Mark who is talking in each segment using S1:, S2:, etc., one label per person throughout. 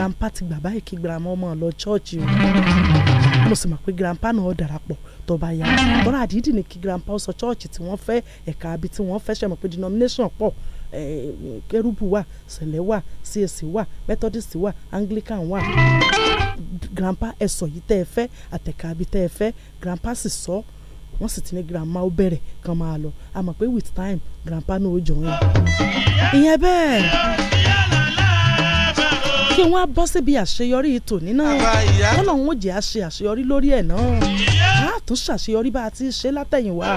S1: grandpa ti gbà báyìí kí grandma ọmọ lọ chọ́ọ̀chì o mo sì mọ̀ pé grandpa náà darapọ̀ tó bá yá tọ́lá àdídì ni kí grandpa sọ chọ́ọ̀chì tí wọ́n fẹ́ ẹ̀ka àbí tí wọ́n fẹ́ sẹ́mọ̀ pé denomination pọ̀ kérúbù wà sẹ̀lẹ̀ wà CAC wà Methodist wà Anglican wà grandpa ẹ sọ yìí tẹ́ ẹ fẹ́ àtẹ̀ka àbí tẹ́ ẹ fẹ́ grandpa sì sọ wọ́n sì ti ní grandma ó bẹ̀rẹ̀ kan máa lọ àmọ́ pé with time grandpa náà ó jọ wọn. ìyẹn bẹ́ẹ̀ kí wọ́n á bọ́ síbi àṣeyọrí tòní náà kọ́nà òun ò jẹ́ àṣe àṣeyọrí lórí ẹ̀ náà a tún ṣàṣeyọrí bá a ti ṣe látẹ̀yìnwá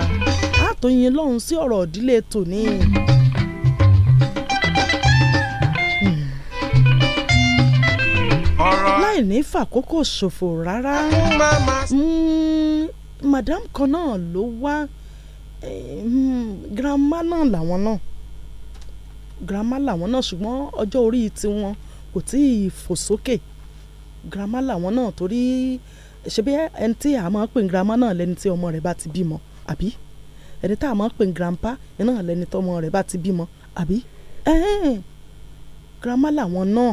S1: a tó yin lọ́hùn sí ọ̀rọ̀ ìdílé tòní. láì ní fàkókò ṣòfò rárá hmm, madam kan náà ló wá grandma náà làwọn náà grandma làwọn náà ṣùgbọ́n ọjọ́ orí tiwọn kò tí ì fò sókè girama làwọn náà torí ṣebí ẹni tí a máa ń pè ní girama náà lẹni tí ọmọ rẹ̀ bá ti bímọ àbí ẹni tá a máa ń pè ní grandpa náà lẹni tọmọ rẹ̀ bá ti bímọ àbí girama làwọn náà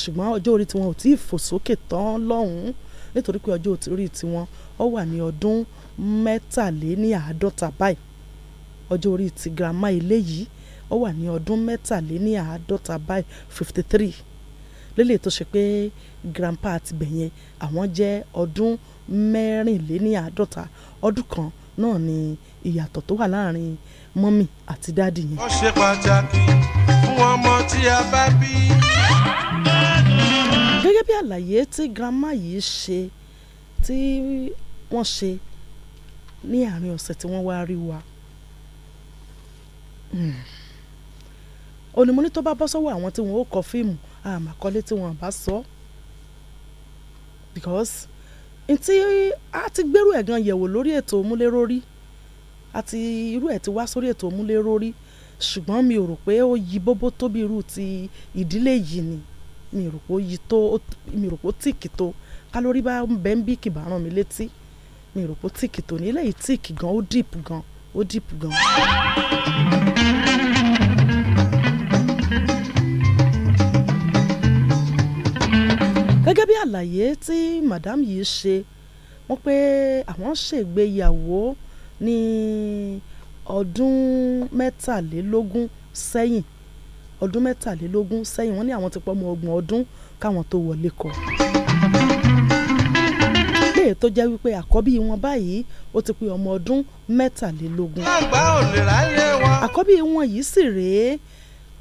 S1: ṣùgbọ́n ọjọ́ orí tiwọn ò tí ì fò sókè tán lọ́hùn-ún nítorí pé ọjọ́ orí tiwọn ó wà ní ọdún mẹ́tàléníàádọ́ta báyìí ọjọ́ orí ti girama eléyìí ó wà ní ọdún mẹ́tàléníàádọ́ta báyìí fifty three lélẹ̀ tó ṣe pé grandpa àti bẹ̀yẹn àwọn jẹ́ ọdún mẹ́rìnléníàádọ́ta ọdún kan náà ni ìyàtọ̀ tó wà láàrin mọ́mì àti dáàdì yẹn.
S2: ó ṣe pàtàkì fún ọmọ tí a bá bí.
S1: gẹ́gẹ́ bí àlàyé tí grandma yìí ṣe tí wọ́n ṣe ní àárín ọ̀sẹ̀ tí wọ́n wá rí wa. Mm onímọ̀ní tó bá bọ́ sọ́wọ́ àwọn tí wọ́n ó kọ fíìmù àmàkọ́lé tí wọ́n bá sọ because ntí a ti gbèrú ẹ̀ gan yẹ̀wò lórí ètò òmúlérórí àti irú ẹ̀ ti wá sórí ètò òmúlérórí ṣùgbọ́n mi ò rò pé ó yí bóbó tó bí irú ti ìdílé yìí ni mi ò rò pé ó yí tó mi ò rò pé ó tíìkì tó kálórí bá ń bẹ́ ń bí kì bá ràn mí létí mi ò rò pé ó tíìkì tó ní eléyìí tíìkì gan ó dìpù gan ó dìpù gan. gẹ́gẹ́ bí àlàyé tí madam yìí ṣe wọ́n pé àwọn ṣègbéyàwó ní ọdún mẹ́tàlélógún sẹ́yìn ọdún mẹ́tàlélógún sẹ́yìn wọ́n ní àwọn ti pọ́ ọmọ ọgbọ̀n ọdún káwọn tó wọlé kọ́ léè tó jẹ́ wípé àkọ́bí wọn báyìí ó ti pé ọmọ ọdún mẹ́tàlélógún. àkọ́bí wọn yìí sì rèé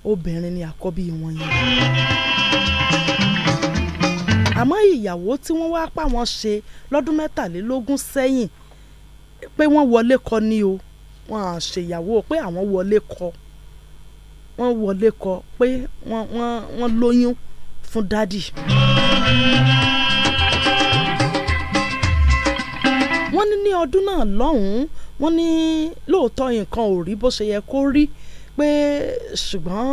S1: obìnrin ni àkọ́bí wọn yìí àmọ́ ìyàwó tí wọ́n wá pa wọ́n ṣe lọ́dún mẹ́tàlélógún sẹ́yìn pé wọ́n wọlé kọ ni o wọ́n à ṣèyàwó pé àwọn wọlé kọ wọ́n wọlé kọ pé wọ́n wọ́n wọ́n lóyún fún dádì. wọ́n ní ní ọdún náà lọ́hùn-ún wọ́n ní lóòótọ́ nǹkan ò rí bó ṣe yẹ kó rí pé ṣùgbọ́n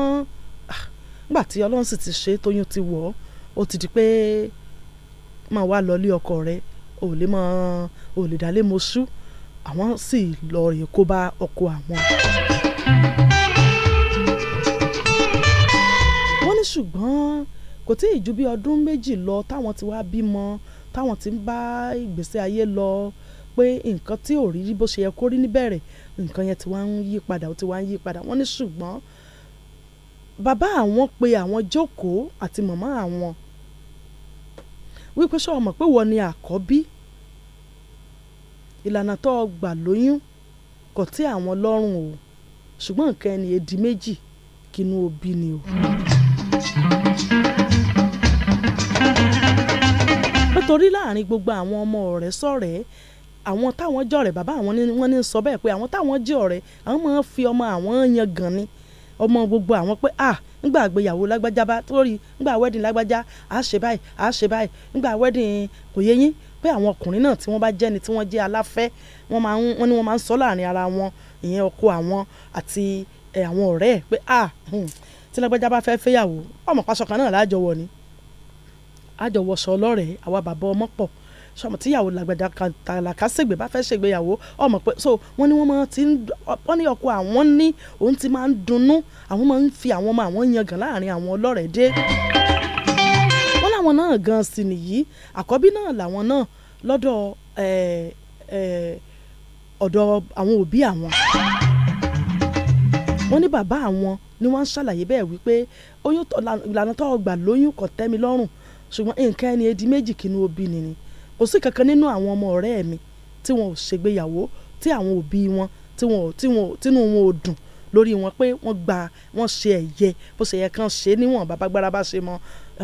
S1: ah, nígbà tí ọlọ́run sì ti ṣe é tóyún ti wọ̀ ọ́ ó ti di pé máa wá lọ lé ọkọ rẹ ò lè mọ ò lè dálé mo sú àwọn sì lọ rè kó bá ọkọ àwọn. wọ́n ní ṣùgbọ́n kò tí ì ju bí ọdún méjì lọ táwọn ti wá bímọ táwọn ti ń bá ìgbésí ayé lọ pé nǹkan tí ò rí bó ṣe yẹ kó rí níbẹ̀rẹ̀ nǹkan yẹn ti wá ń yí padà ó ti wá ń yí padà wọ́n ní ṣùgbọ́n bàbá àwọn pe àwọn jókòó àti màmá àwọn wípé ṣé o mọ̀ pé wọ́n ni àkọ́bí ìlànà tó gbà lóyún kò tí àwọn lọ́rùn o ṣùgbọ́n nǹkan ẹni èdè méjì kínú òbí ni o. nítorí láàrin gbogbo àwọn ọmọ ọ̀rẹ́ sọ̀rẹ́ àwọn táwọn jọ̀rẹ́ bàbá àwọn ni wọ́n ní sọ bẹ́ẹ̀ pé àwọn táwọn jẹ́ àwọn máa ń fi ọmọ àwọn yan gan ni ọmọ gbogbo àwọn pé ah ngbà àgbéyàwó lágbájá bá torí ngbà wedding lágbájá à ṣe báyìí à ṣe báyìí ngbà wedding kò yé yín pé àwọn ọkùnrin náà tí wọ́n bá jẹ́ni tí wọ́n jẹ́ aláfẹ́ wọ́n máa ń wọ́n ní wọ́n máa ń sọ láàrin ara wọn ìyẹn ọkọ àwọn àti àwọn ọ̀rẹ́ ẹ̀ pé ah tí lágbájá bá fẹ́ fẹ́yàwó ọmọ pásọ kan náà láàjọwọ ni àjọwọsọ ọlọ́rẹ̀ẹ́ àwa bàbá ọmọ pọ̀ sọmọ tíyàwó làgbàjà tàlàkà ṣègbè bá fẹ́ ṣègbéyàwó ọmọ pé so wọ́n ní wọ́n máa ti ń wọ́n ní ọkọ àwọn ní òun ti máa ń dunnú àwọn máa ń fi àwọn ọmọ àwọn yangàn láàrin àwọn ọlọ́rẹ̀ẹ́dẹ́ wọ́n láwọn náà gan sí nìyí àkọ́bí náà làwọn náà lọ́dọ̀ ọ̀dọ̀ àwọn òbí àwọn wọ́n ní bàbá àwọn ni wọ́n ṣàlàyé bẹ́ẹ̀ wípé oyún ìlànà tó gbà lóyún kò tẹ́ lọ́rùn ṣùgbọ́n nǹkan ẹni edi méjì kínú obì nìyí kò sí kankan nínú àwọn ọmọ ọ̀rẹ́ mi tí wọn ò ṣègbéyàwó tí àwọn òbí wọn tí wọn tí wọn tínú wọn ò dùn lórí wọn pé wọ́n gba wọ́n ṣe ẹ̀yẹ bó ṣe yẹ kán ṣe níwọ̀n bàbágbára bá ṣe mọ́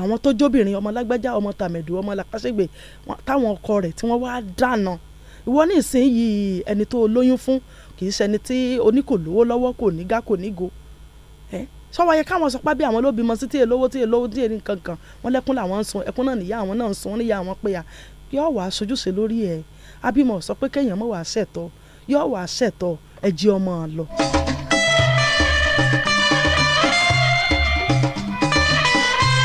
S1: àwọn tó jóbìnrin ọmọ lágbájá ọmọ tàmẹ̀dù ọmọ làpàṣẹgbè táwọn ọkọ rẹ̀ tí wọ́n wá dáná ìwọ ní ìsinyìí ẹni tó lóyún fún kì í ṣẹni tí oníkòlówó lọ́wọ́ kò ní gá kò ní go sọ́wọ́ yẹ káwọn sọpá bí àwọn lóbìmọ sí tí èlówó tí èlówó tí èlówó kankan wọ́n lẹ́kún làwọn ń sun ẹkún náà níyà àwọn náà ń sun níyà àwọn pé à yóò wá sojúṣe lórí ẹ abímọ sọ pé kéèyàn mọ wàá ṣẹtọ yóò wàá ṣẹtọ ẹ jí ọmọ lọ.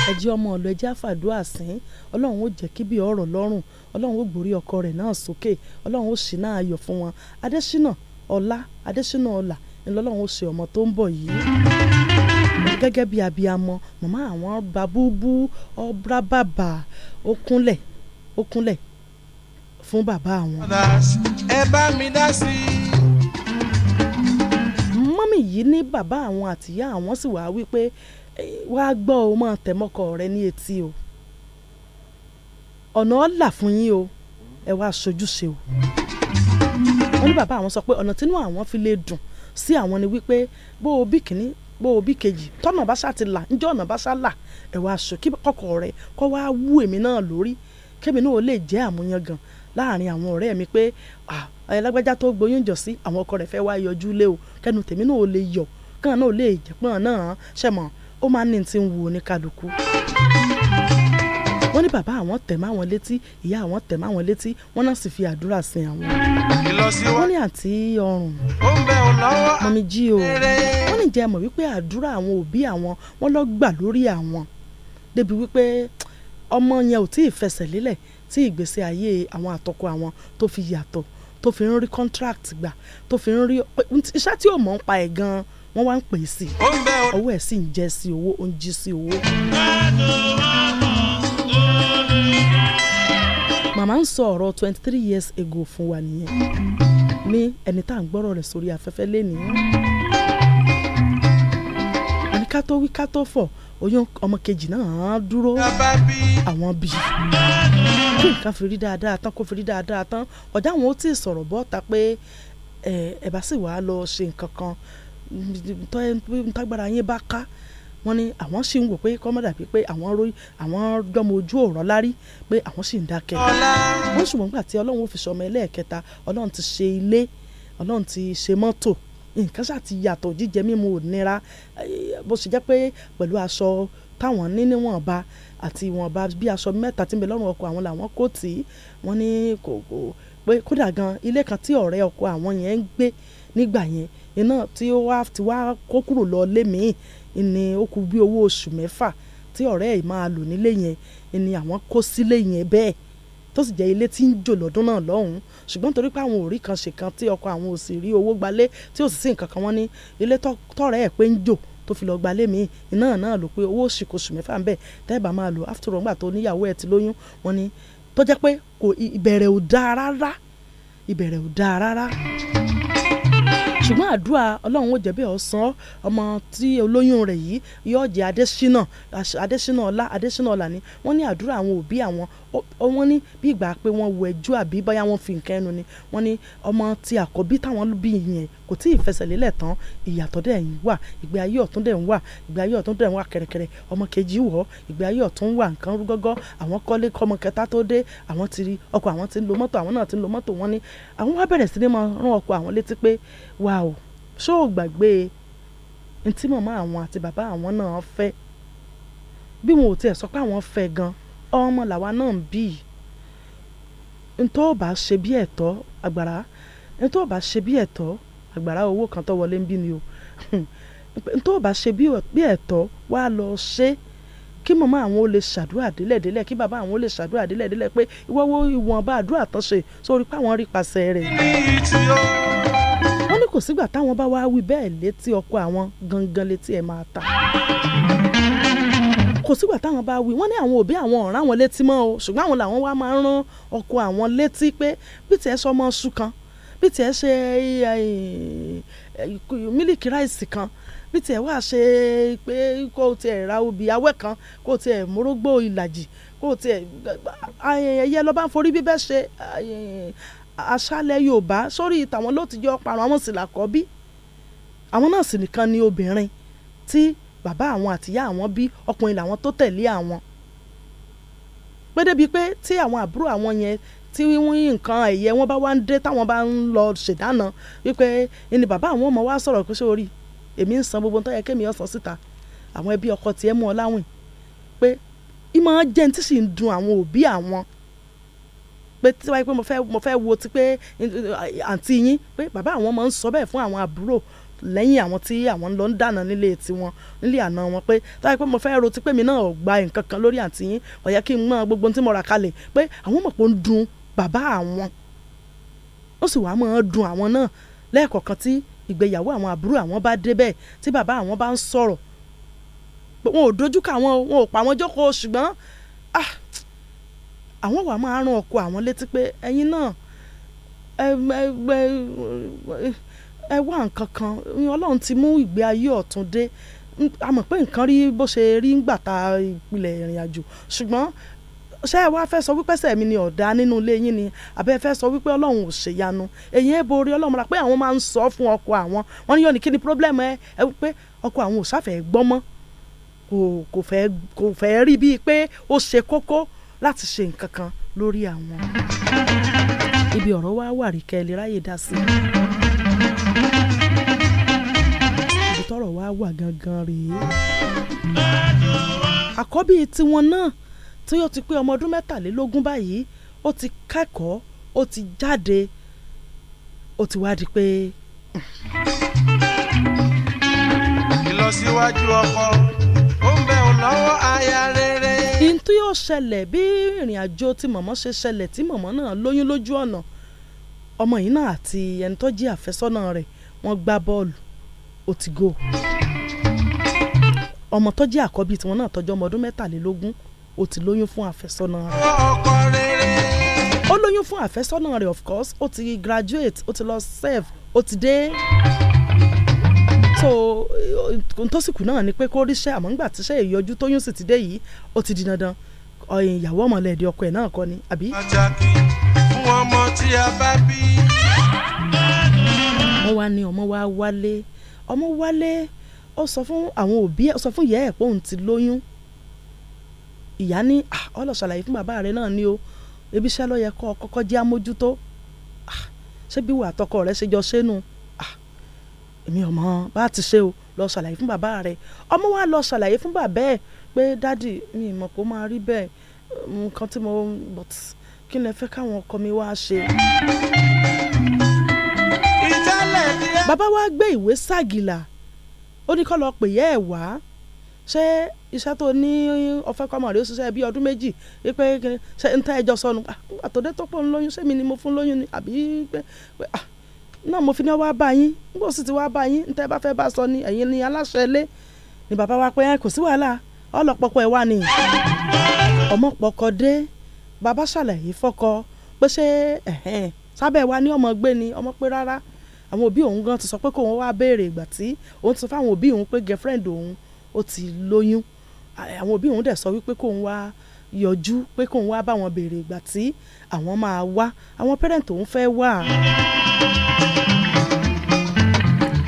S1: ẹ jí ọmọ lọ ẹ jẹ́ àfàdúrà sín ọlọ́run ó jẹ́ kí bí ọ̀rọ̀ lọ́rùn ọlọ́run ó gbórí ọkọ rẹ̀ náà sókè ọlọ́run ó ṣì náà ayọ̀ fún wọn adésínà ọlá adésínà ọlà ńlọ́lọ́run ó ṣe ọmọ tó ń bọ̀ yìí gẹ́gẹ́ bí abiyamọ màmá àwọn babúbú ọ̀brábàbà ó kúnlẹ̀ ó kúnlẹ̀ fún bàbá àwọn.
S2: ẹ bá mi dá sí i.
S1: mọ́mì yìí ní bàbá àwọn àtìyá àwọn sì wá wípé wàá gbọ́ ọ máa tẹ̀mọ́kọ rẹ ní etí o ọ̀nà ọ̀là fún yín o ẹ wá sojúṣe o. wọ́n ní bàbá àwọn sọ pé ọ̀nà tínú àwọn fi lè dùn sí àwọn ni wípé bó o bí kìíní bó o bí kejì tọ́nà bá ṣá ti là ńjọ́ ọ̀nà bá ṣá là ẹ wá aṣọ kí kọ́kọ́ rẹ kọ́ wá wú èmi náà lórí kémi náà ó lè jẹ́ àmúyangàn láàrin àwọn ọ̀rẹ́ mi pé ẹlágbájá tó gboyún jọ sí àwọn ọkọ rẹ̀ fẹ́ wá yọjú lé o kẹnu tèmi náà ó lè yọ kàn náà ó lè jẹ́pọ̀n náà ṣẹ̀mọ̀ ó máa ń ní ti ń wo oníkálukú wọ́n ní bàbá àwọn tẹ̀ mọ́ àwọn létí ìyá àwọn tẹ̀ mọ́ àwọn létí wọ́n náà sì fi àdúrà sin àwọn. wọ́n ní àǹtí ọrùn mọ̀mí jí o wọ́n ní jẹ́ mọ̀ wípé àdúrà àwọn òbí àwọn wọ́n lọ gbà lórí àwọn débi wípé ọmọ yẹn ò tí ì fẹsẹ̀ lélẹ̀ tí ìgbésí ayé àwọn àtọkọ àwọn tó fi yàtọ̀ tó fi ń rí contract gbà tó fi ń rí iṣẹ́ tí ò mọ̀ ń pa ẹ̀ gan wọ́n wá ń pè é sí ọwọ́ ẹ̀ sì ń jẹ́ sí owó ó ń jí sí owó. màmá ń sọ ọ̀rọ̀ twenty three years ago fún wa nìyẹn ní ẹni tá à ń gbọ́rọ̀ rẹ̀ sórí afẹ́fẹ́ lẹ́nìí. àní ká tó wí ká tó oyún ọmọ kejì náà dúró àwọn bí kí nǹkan fi rí dáadáa tán kó fi rí dáadáa tán ọ̀dà àwọn ó tí ì sọ̀rọ̀ bọ́ ta pé ẹ bá sì wàá lọ ṣe nǹkan kan tágbára yín bá ká wọ́n ní àwọn sì ń wò pé kọ́mọ́dà bíi pé àwọn ró àwọn dọ́mọ ojú ọ̀rọ̀ lárí pé àwọn sì ń dákẹ́ wọ́n ṣùgbọ́n gbà tí ọlọ́run ò fi sọmọ ẹlẹ́ẹ̀kẹta ọlọ́run ti ṣe ilé ọlọ́run ti ṣe mọ́tò nǹkan ṣáà ti yàtọ̀ jíjẹ mímu ò nira eh, bó ṣe jẹ́ pé pẹ̀lú aṣọ táwọn ní níwọ̀nba àti ìwọ̀nba bí aṣọ mẹ́ta tí ń bẹ lọ́rùn ọkọ àwọn làwọn kò tí wọ́n ní kò kò pé kódà gan ilé kan tí ọ̀rẹ́ ọkọ àwọn yẹn ń gbé nígbà yẹn iná tí ó wá ti wá kó kúrò lọ lé míì ni ó kù bí owó oṣù mẹ́fà tí ọ̀rẹ́ ẹ̀ máa lò nílé yẹn ni àwọn kó sílé yẹn bẹ́ẹ̀ tó sì jẹ́ ilé tí ń jò lọ́dún náà lọ́hùn-ún ṣùgbọ́n torí pé àwọn ò rí kan ṣe kan tí ọkọ àwọn ò sì rí owó gbalé tí ò sì sí nǹkan kan wọ́n ní ilé tọ́rẹ́ ẹ̀ pé ń jò tó fi lọ gbalé mi iná náà ló pé owó oṣù mẹ́fà ń bẹ̀ tẹ́ẹ̀bà máa lò after all ńgbà tó níyàwó ẹ̀ ti lóyún wọn ni tó jẹ́ pé kò ìbẹ̀rẹ̀ ò dáa rárá ìbẹ̀rẹ̀ ò dáa rárá ṣùgbọ́n àdúrà ọlọ́run ó jẹ̀bi ọ̀sán ọmọ tí olóyún rẹ̀ yìí yóò adésínà adésínà ọlá adésínà ọlá ni wọ́n ní àdúrà àwọn òbí àwọn wọ́n ní bí ìgbà pé wọ́n wọ ẹjọ́ àbí báyà wọ́n fi nǹkan ẹnu ni wọ́n ní ọmọ ti àkọ́bí táwọn bí yẹn kò tí ì fẹsẹ̀lélẹ̀ tán ìyàtọ̀ dẹ̀ ń wà ìgbé ayé ọ̀tún dẹ̀ ń wà ìgbé ayé ọ̀tún dẹ̀ ń wà kẹ̀rẹ̀kẹ̀rẹ̀ ọmọ kejì wọ̀ ìgbé ayé ọ̀tún wà nǹkan gọ́gọ́ àwọn kọ́lé kọ́mọ kẹta tó dé àwọn ti rí ọkọ̀ àwọn ti ń lo mọ́tò àwọn náà ti ń lo mọ́tò wọn ni àwọn wá bẹ̀rẹ̀ sí ni máa rán ọkọ̀ àwọn létí pé wà ó ṣó o gbàgbé ntí màmá àwọn àti bàbá àwọn náà fẹ́ bí wọn ò tiẹ̀ sọ pé àwọn fẹ́ gan-an ọmọ làwa náà ń bí ntọ́ ò bá ṣe bí ẹ̀tọ́ àgbàrá ntọ́ bá ṣe bí ẹ̀tọ́ àgbàrá owó kan tó wọlé ń bí ni o ntọ́ bá ṣe bí ẹ̀tọ́ wá lọ ṣe kí màmá àwọn ò lè ṣàdúrà délẹ̀délẹ̀ kí bàbá àwọn ò lè ṣàdúrà délẹ̀délẹ̀ pé ìwọ́wọ́ ìwọ̀nba àdúrà tán ṣe sórí pàwọn rí pàṣẹ rẹ̀. wọ́n ní kò sígbà táwọn bá wá wí bẹ́ẹ̀ létí ọkọ àwọn gangan létí ẹ̀ máa ta kò sígbà táwọn bá wí wọ́n ní àwọn òbí àwọn ọ̀ràn àwọn létí mọ́ o ṣùgbọ́n àwọn làwọn wá máa ń rán ọkọ àwọn létí pé bí tiẹ̀ sọ ọmọ ṣu kan bí tiẹ̀ ṣe mílìkì ráìsì kan bí tiẹ̀ wá ṣe pé kó o tiẹ̀ ra obì awẹ́ kan kó o tiẹ̀ mórógbó ìlàjì kó o tiẹ̀ ẹyẹ lọ́ba ń forí bíbẹ́ ṣe aṣálẹ̀ Yorùbá sórí tàwọn ló ti jọ parun àwọn sì làkọ́ bí àwọn náà sì nìkan ni obìnrin tí bàbá àwọn àtìyá àwọn bí ọkùnrin làwọn tó tẹ̀lé àwọn pédébi pé tí àwọn àbúrò àwọn yẹn tí nǹkan ẹ̀yẹ wọn bá wá ń dé táwọn bá ń lọ ṣèdáná wípé ẹni bàbá àwọn ọmọ wa sọ̀rọ̀ pé ṣé orí èmi ń san gbogbo tó yẹ kémi ọ̀sán síta àwọn ẹbí ọkọ tiẹ̀ mú ọ láwìn pé ìmọ̀ jẹ́ ní tí sì ń dùn àwọn òbí àwọn pé tí wáyé pé mo fẹ́ wo ti pé àǹtí yín pé bàbá àwọn ọmọ ń sọ bẹ́ẹ̀ fún àwọn àbúrò lẹ́yìn àwọn tí àwọn lọ ń dáná nílé tiwọn nílé àná wọn pé táyà pé mo fẹ́ ro ti pé mi náà ò gba nǹkan kan lórí àǹtí yín ó yẹ kí n mọ gbogbo tí mo rà kalẹ̀ pé àwọn mọ̀ pé ó ń dùn bàbá àwọn ó sì wàá máa dùn àwọn náà lẹ́ẹ̀kọ̀ọ̀kan tí ìgbéyàwó àwọn àbúrò àwọn bá débẹ̀ tí bàbá àwọn bá ń sọ̀rọ̀ pé wọn ò dojú kà wọn wọn ò pa wọn jókòó ṣùgbọ́n ah àwọn wàá máa rán ọkọ àwọn létí pé ẹ̀yin náà ẹ wá nǹkan kan ọlọ́run ti mú ìgbé ayé ọ̀tun dé a mọ̀ pé nǹkan rí bó ṣe rí ńgbà tá ìpìlẹ̀ ìrìn àjò ṣùgbọ́n ṣé ẹ wá fẹ́ sọ wípé sẹ̀mí ni ọ̀dà nínú ilé yín ni àbẹ́ fẹ́ sọ wípé ọlọ́run ò ṣèyanu èyí ẹ borí ọlọ́run ra pé àwọn máa ń sọ fún ọkọ àwọn wọn ní yóò ní kí ni problem ẹ ẹ wípé ọkọ àwọn ò sáfẹ́ gbọ́ mọ́ kò kò fẹ́ kò fẹ́ rí bíi pé ó ṣe kókó láti ṣe nǹkan kan lórí àwọn. ibi ọ̀rọ̀ wa wà rí kẹ́ ẹ lè ráyè dá sí i ibi tọ́rọ̀ wá wà gangan rèé àkọ́bí tiwọn náà tí yóò ti pé ọmọ ọdún mẹ́tàlélógún báyìí ó ti kẹ́kọ̀ọ́ ó ti jáde ó ti wá di pé. ìlọsíwájú ọkọ ó ń bẹ òun lọ́wọ́ aya rere. ihun yóò ṣẹlẹ̀ bí ìrìn àjò tí mọ̀mọ́ ṣe ṣẹlẹ̀ tí mọ̀mọ́ náà lóyún lójú ọ̀nà. No ọmọ yìí náà àti ẹni tó jí àfẹ́sọ́nà rẹ̀ wọ́n gbá bọ́ọ̀lù ó ti gò ọmọ tó jí àkọ́bí tiwọn náà tọjọ́ ọmọ ọdún mẹ́tàlélógún ó ti lóyún fún àfẹ́sọ́nà rẹ̀ ó lóyún fún àfẹ́sọ́nà rẹ̀ of course ó ti graduate ó ti lọ serve ó ti dé so ohun tó sì kù náà ni pé kó ríṣẹ́ àmọ́ ńgbà tíṣẹ́ ìyọjú tóyún sì ti dé yìí ó ti di dandan ìyàwó ọmọlẹ́ẹ̀dẹ́ ọkọ ẹ̀ náà kọ́ ni àbí
S2: àwọn ọmọ tí a bá bí.
S1: wọ́n wá ní ọmọ wa wálé ọmọ wálé ó sọ fún àwọn òbí ẹ̀ ó sọ fún ìyá ẹ̀ pé òun ti lóyún ìyá ní ọlọ́ṣàlàyé fún bàbá rẹ̀ náà ni o ebi iṣẹ́ ló yẹ kọ́ kọ́kọ́ jẹ́ amójútó ṣé bí wà àtọkọ rẹ̀ ṣe jọ ṣénu èmi ọmọ bá ti ṣe o lọ ṣàlàyé fún bàbá rẹ̀ ọmọ wa lọ ṣàlàyé fún bàbá ẹ̀ pé dádì mi ìmọ̀ kó máa rí bẹ́ẹ̀ nǹkan tí mo but kí lẹ fẹ́ káwọn ọkọ mi wá ṣe. bàbá wa gbé ìwé ságìlà ó ní kọ́ lọ pè yẹ́ ẹ̀ wá ṣé iṣẹ́ tó ní ọ̀fẹ́ kọ́mọ rẹ̀ ó ṣiṣẹ́ bí ọdún méjì wípé ṣe ń tẹ́ ẹjọ́ sọnù ah, àtòdé tó pọ̀ ń lóyún ṣé mi ni mo fún lóyún ni àbí pé ah, náà mo fi ní wá bá yín nígbà sì ti wá bá yín ntẹ́ bá fẹ́ bá sọ ni ẹ̀yin ni aláṣẹ ilé ni bàbá wa pé kò sí wàhálà ọlọ́pọ̀pọ̀ ẹ̀ wà ní ọmọpọ̀kọ dé bàbá ṣàlàyé fọ́kọ pé ṣé sábẹ́ wa ní ọmọ gbé ni ọmọ pé rárá àwọn òbí òun gan ti sọ pé kóun wá béèrè ìgbà tí òun ti sọ fáwọn òbí òun pé girlfriend òun ó ti lóyún àwọn òbí òun dẹ̀ sọ wípé kóun wá yọjú pé kóun wá báwọn béèrè ìgbà tí àwọn máa wá àwọn parent òun fẹ́ wá.